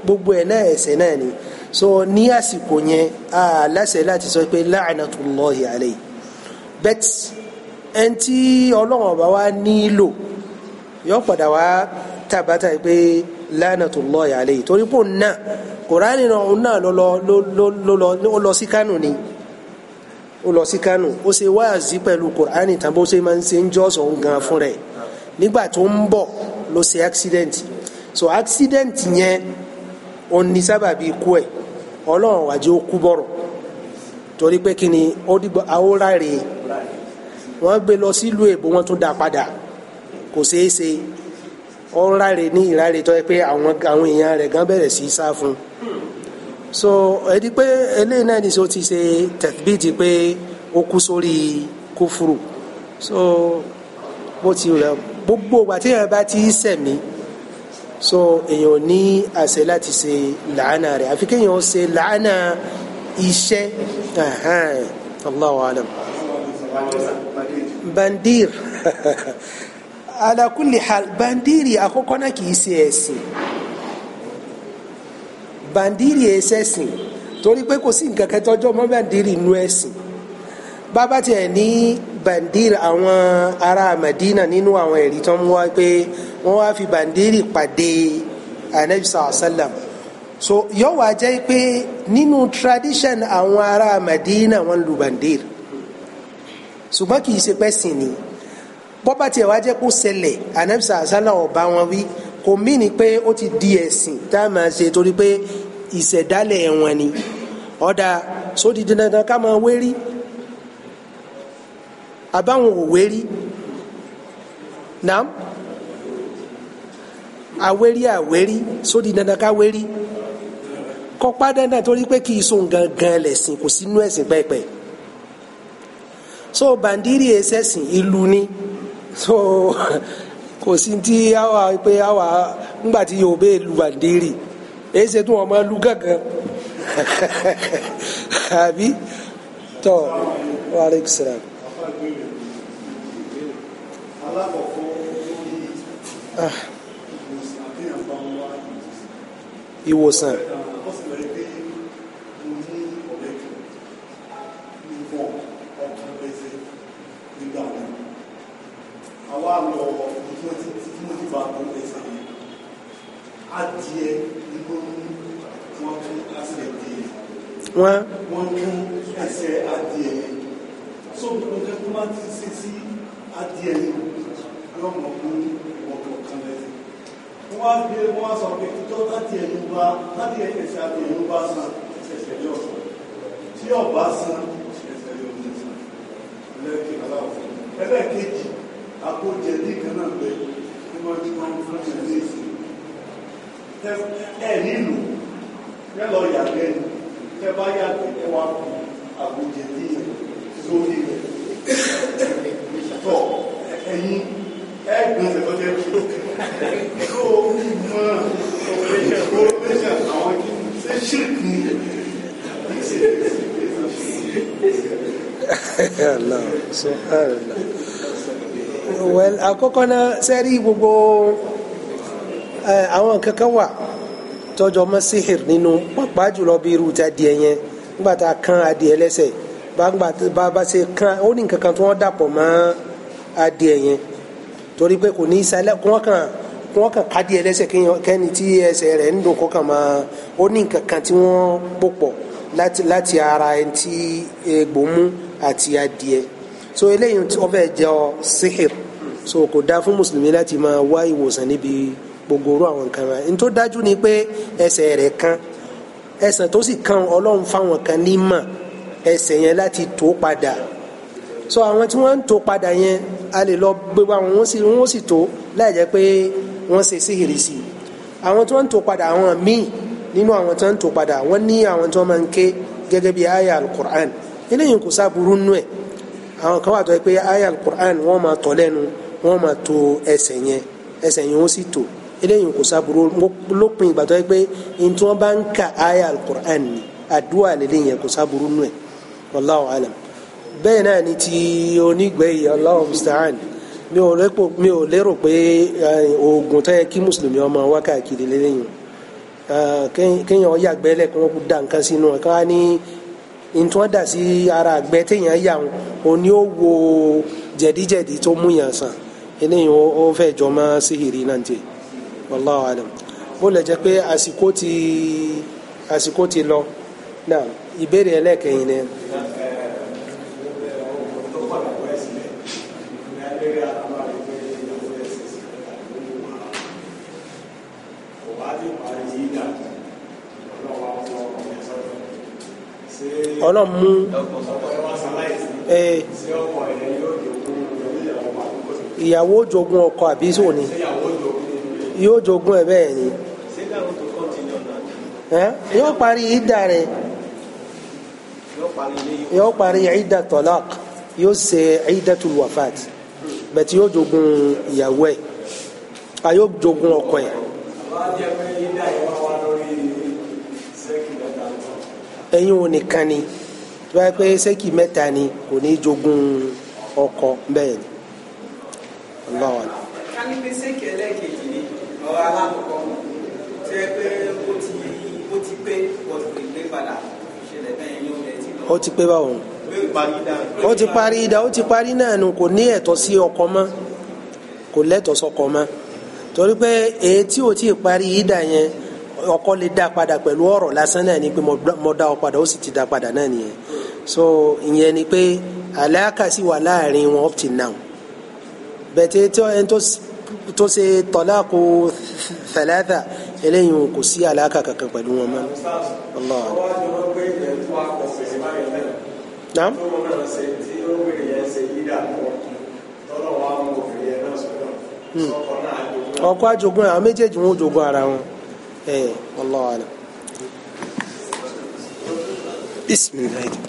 gbogbo ẹ̀ náà ẹ̀ṣẹ̀ náà ni so ní àsìkò yẹn a láṣẹ láti sọ pé la'natullahi alayhi bet ẹni tí ọlọ́run ọba wa nílò yọ padà wá tàbátà pé lánàtúllahi alayhi torí pò náà kòránì náà òun náà ló lọ sí kánò ni ó lọ sí kánò ó ṣe wáàzí pẹ̀lú kòránì tàbí ó ṣe máa ń ṣe ń jọ́sọ̀ gan fún rẹ̀ nígbà tó ń bọ̀ ló ṣe accident so accident yẹn òun ni sábàbí ikú ẹ̀ ọlọ́run wàjú ó kú bọ̀rọ̀ torí pé kí ni ó dìgbò àwòrán rèé wọ́n gbé lọ sílùú èbó wọ́n tún dá padà kò ṣeé ṣe ọ̀nra rẹ̀ ní ìra rẹ̀ tọ́ ẹ pé àwọn àwọn èèyàn rẹ̀ gan bẹ̀rẹ̀ sí í sá fún un so ẹni pé eléyìí náà ní so ti ṣe tẹ̀bíìtì pé ó kú sórí kúfúrú so bó ti rẹ̀ gbogbo ìgbà tí èèyàn bá ti sẹ̀mí so èèyàn ní àṣẹ láti ṣe làánà rẹ̀ àfi kéèyàn ṣe làánà iṣẹ́ Allahu alam bandir ala kulli hal bandiri àkọ́kọ́ náà kì í ṣe ẹ̀sìn bandiri ẹ e ṣẹ̀sìn torí pé kò sí nǹkan kẹtọjọ mọ bandiri inú ẹ̀sìn bàbá tiẹ̀ ní bandiri àwọn ará Madina nínú àwọn ẹ̀rí tó ń wá pé wọ́n wá fi bandiri pàdé anabi sàlám so yọ wá jẹ́ pé nínú tradition àwọn ará Madina wọ́n lu bandiri ṣùgbọ́n kì í ṣe pẹ́ sìn ni bọ́bá tiẹ̀ wá jẹ́ kó ṣẹlẹ̀ anamsa asala ọba wọn wí kò mí ni pé ó ti di ẹ̀sìn tá a máa ṣe torí pé ìṣẹ̀dálẹ̀ wọn ni ọ̀dà sódì dandan ká máa wérí àbáwọn ò wérí naam àwérí àwérí sódì dandan ká wérí kọ́pá dandan torí pé kì í so gangan lẹ̀sìn kò sínú ẹ̀sìn pẹ́ẹ́pẹ́ẹ́. so bàndírì ẹsẹ̀sìn ilu ni so kò sí ti àwa pé àwa ńgbà tí Yorùbá lu bàndírì èyí ṣe wọn máa lu gángan àbí tọ wàhálà ìsirà. ìwòsàn. wá lọ ọkọ̀ tí wọ́n ti tí wọ́n ti bá tó ẹsẹ̀ yìí adìẹ igbó wọn tún ẹsẹ̀ di wọn wọn tún ẹsẹ̀ adìẹ yẹn so nǹkan tó máa ti ṣe sí adìẹ yìí yóò mọ̀ fún ọkọ̀ kan lẹ́sẹ̀ wọ́n á gbé wọ́n á sọ pé tó láti ẹ̀yìn bá láti ẹ̀sẹ̀ àti ẹ̀yìn bá san ẹ̀sẹ̀ yóò sọ tí ọ̀bá san ẹ̀sẹ̀ yóò sọ lẹ́ẹ̀kejì aláwọ̀ ẹlẹ́ẹ̀kejì àkójẹ ní kan náà bẹ ní wọ́n ti wọ́n fún ẹ̀ ní èsì ẹ nílò ẹ lọ yà lẹ́nu ẹ bá yà pé ẹ wà kù àkójẹ ní ẹ sórí rẹ tọ ẹyin ẹ gbọ́n ẹ lọ́jọ́ kí ó mọ ọ̀pẹ̀ṣẹ̀ ọ̀pẹ̀ṣẹ̀ àwọn kí ṣe ṣírìkì ní ṣe ṣe ṣe ṣe ṣe. Allah, subhanallah well àkọ́kọ́ náà sẹ́rí gbogbo àwọn kankan wà tọjọ mọ sihir nínú pàápàá jùlọ bí irú ti adìẹ yẹn nígbà tá a kan adìẹ lẹ́sẹ̀ bàgbà bá bá ṣe kan ó ní nǹkan kan tí wọ́n dàpọ̀ mọ́ adìẹ yẹn torí pé kò ní ìsàlẹ̀ kí wọ́n kàn kí wọ́n kàn kádìẹ lẹ́sẹ̀ kẹ́ni tí ẹsẹ̀ rẹ̀ ń dùn kó kàn máa ó ní nǹkan kan tí wọ́n pò pọ̀ láti láti ara ẹni tí egbò àti adìẹ so eléyìí ọbẹ̀ jẹ́ ọ sihir so kò dáa fún mùsùlùmí láti máa wá ìwòsàn níbi gbogbo orú àwọn nǹkan rẹ̀ n tó dájú ni pé ẹsẹ̀ rẹ̀ kan ẹsẹ̀ tó sì kan ọlọ́run fáwọn kan ní mà ẹsẹ̀ yẹn láti tó padà so àwọn tí wọ́n ń tó padà yẹn a lè lọ gbé wa wọ́n sì wọ́n sì tó láì jẹ́ pé wọ́n ṣe síhìrì sí àwọn tí wọ́n ń tó padà àwọn míì nínú àwọn tí wọ́n ń tó padà wọ́n ní àwọn tí wọ́n máa ń ké gẹ́gẹ́ bí aya alukur'an eléyìí kò sábúrú nù ẹ̀ àwọn kan wà tó yẹ pé aya alukur'an wọ́n máa tọ́ lẹ́nu wọ́n máa to ẹsẹ̀ yẹn ẹsẹ̀ yẹn ó sì tò eléyìí kò sábúrò lópin ìgbà tó yẹ pé ntí wọ́n bá ń ka aya alukur'an ni àdúrà lélẹ́yìn yẹn kò sábúrò nù ẹ̀ wallahu alam bẹ́ẹ̀ náà ni ti onígbẹ̀yì Allahu musta'an mi ò lérò pé oògùn tó yẹ kí mùsùlùmí ọmọ wá káàkiri lélẹ́yìn kéèyàn ọyà gbẹ́lẹ̀ kí wọ́n kú da nǹkan sínú ẹ̀ ká ní ntí wọ́n dà sí ara àgbẹ̀ téèyàn yà wọn òní ó wo jẹ̀díjẹ̀dí tó múyàn sàn eléyìí ó fẹ́ jọ mọ́ síhìrì náà tiẹ̀ wallahu alam bó lè jẹ́ pé àsìkò ti àsìkò ti lọ náà ìbéèrè ẹlẹ́kẹ̀yìn ni. ọlọ́mú ẹ ìyàwó jogún ọkọ àbí sò ni yóò jogún ẹ bẹ́ẹ̀ ni yóò parí ìdá rẹ yóò parí ìdá tọ́lák yóò ṣe ìdá tulwafat bẹ̀tí yóò jogún ìyàwó ẹ̀ a yóò jogún ọkọ ẹ̀. ẹ̀yin ò nìkan ni tí wọ́n á pẹ́ sẹ́kì mẹ́ta ni kò ní jogún ọkọ bẹ́ẹ̀ ni. Allahu Akbar. ká ní pé sékè ẹlẹ́kejì ni ọ̀rọ̀ alákọ̀ọ́kọ́ ṣe pé ó ti ó ti pé bọ̀dù ìgbé padà ṣẹlẹ̀ bẹ́ẹ̀ ni ó lẹ̀ ti lọ. ó ti pé báwo. ó ti parí idà ó ti parí náà nù kò ní ẹ̀tọ́ sí ọkọ mọ́ kò lẹ́tọ̀ọ́ sọkọ mọ́ torí pé èyí tí o ti parí idà yẹn ọkọ lè dá padà pẹ̀lú ọ̀rọ̀ lásán náà ni pé mo dá ọ padà ó sì ti dá padà náà nìyẹn so ìyẹn ni pé àlàkà sì wà láàrin wọn up till now bẹ̀tẹ̀ tó ṣe tọ́láàkù thalatha eléyìí kò sí àlàkà kankan pẹ̀lú wọn mọ́. naam. Hmm. ọkọ àjogún àwọn méjèèjì wọn ò jogún ara wọn. ẹ eh, Wallahu alam.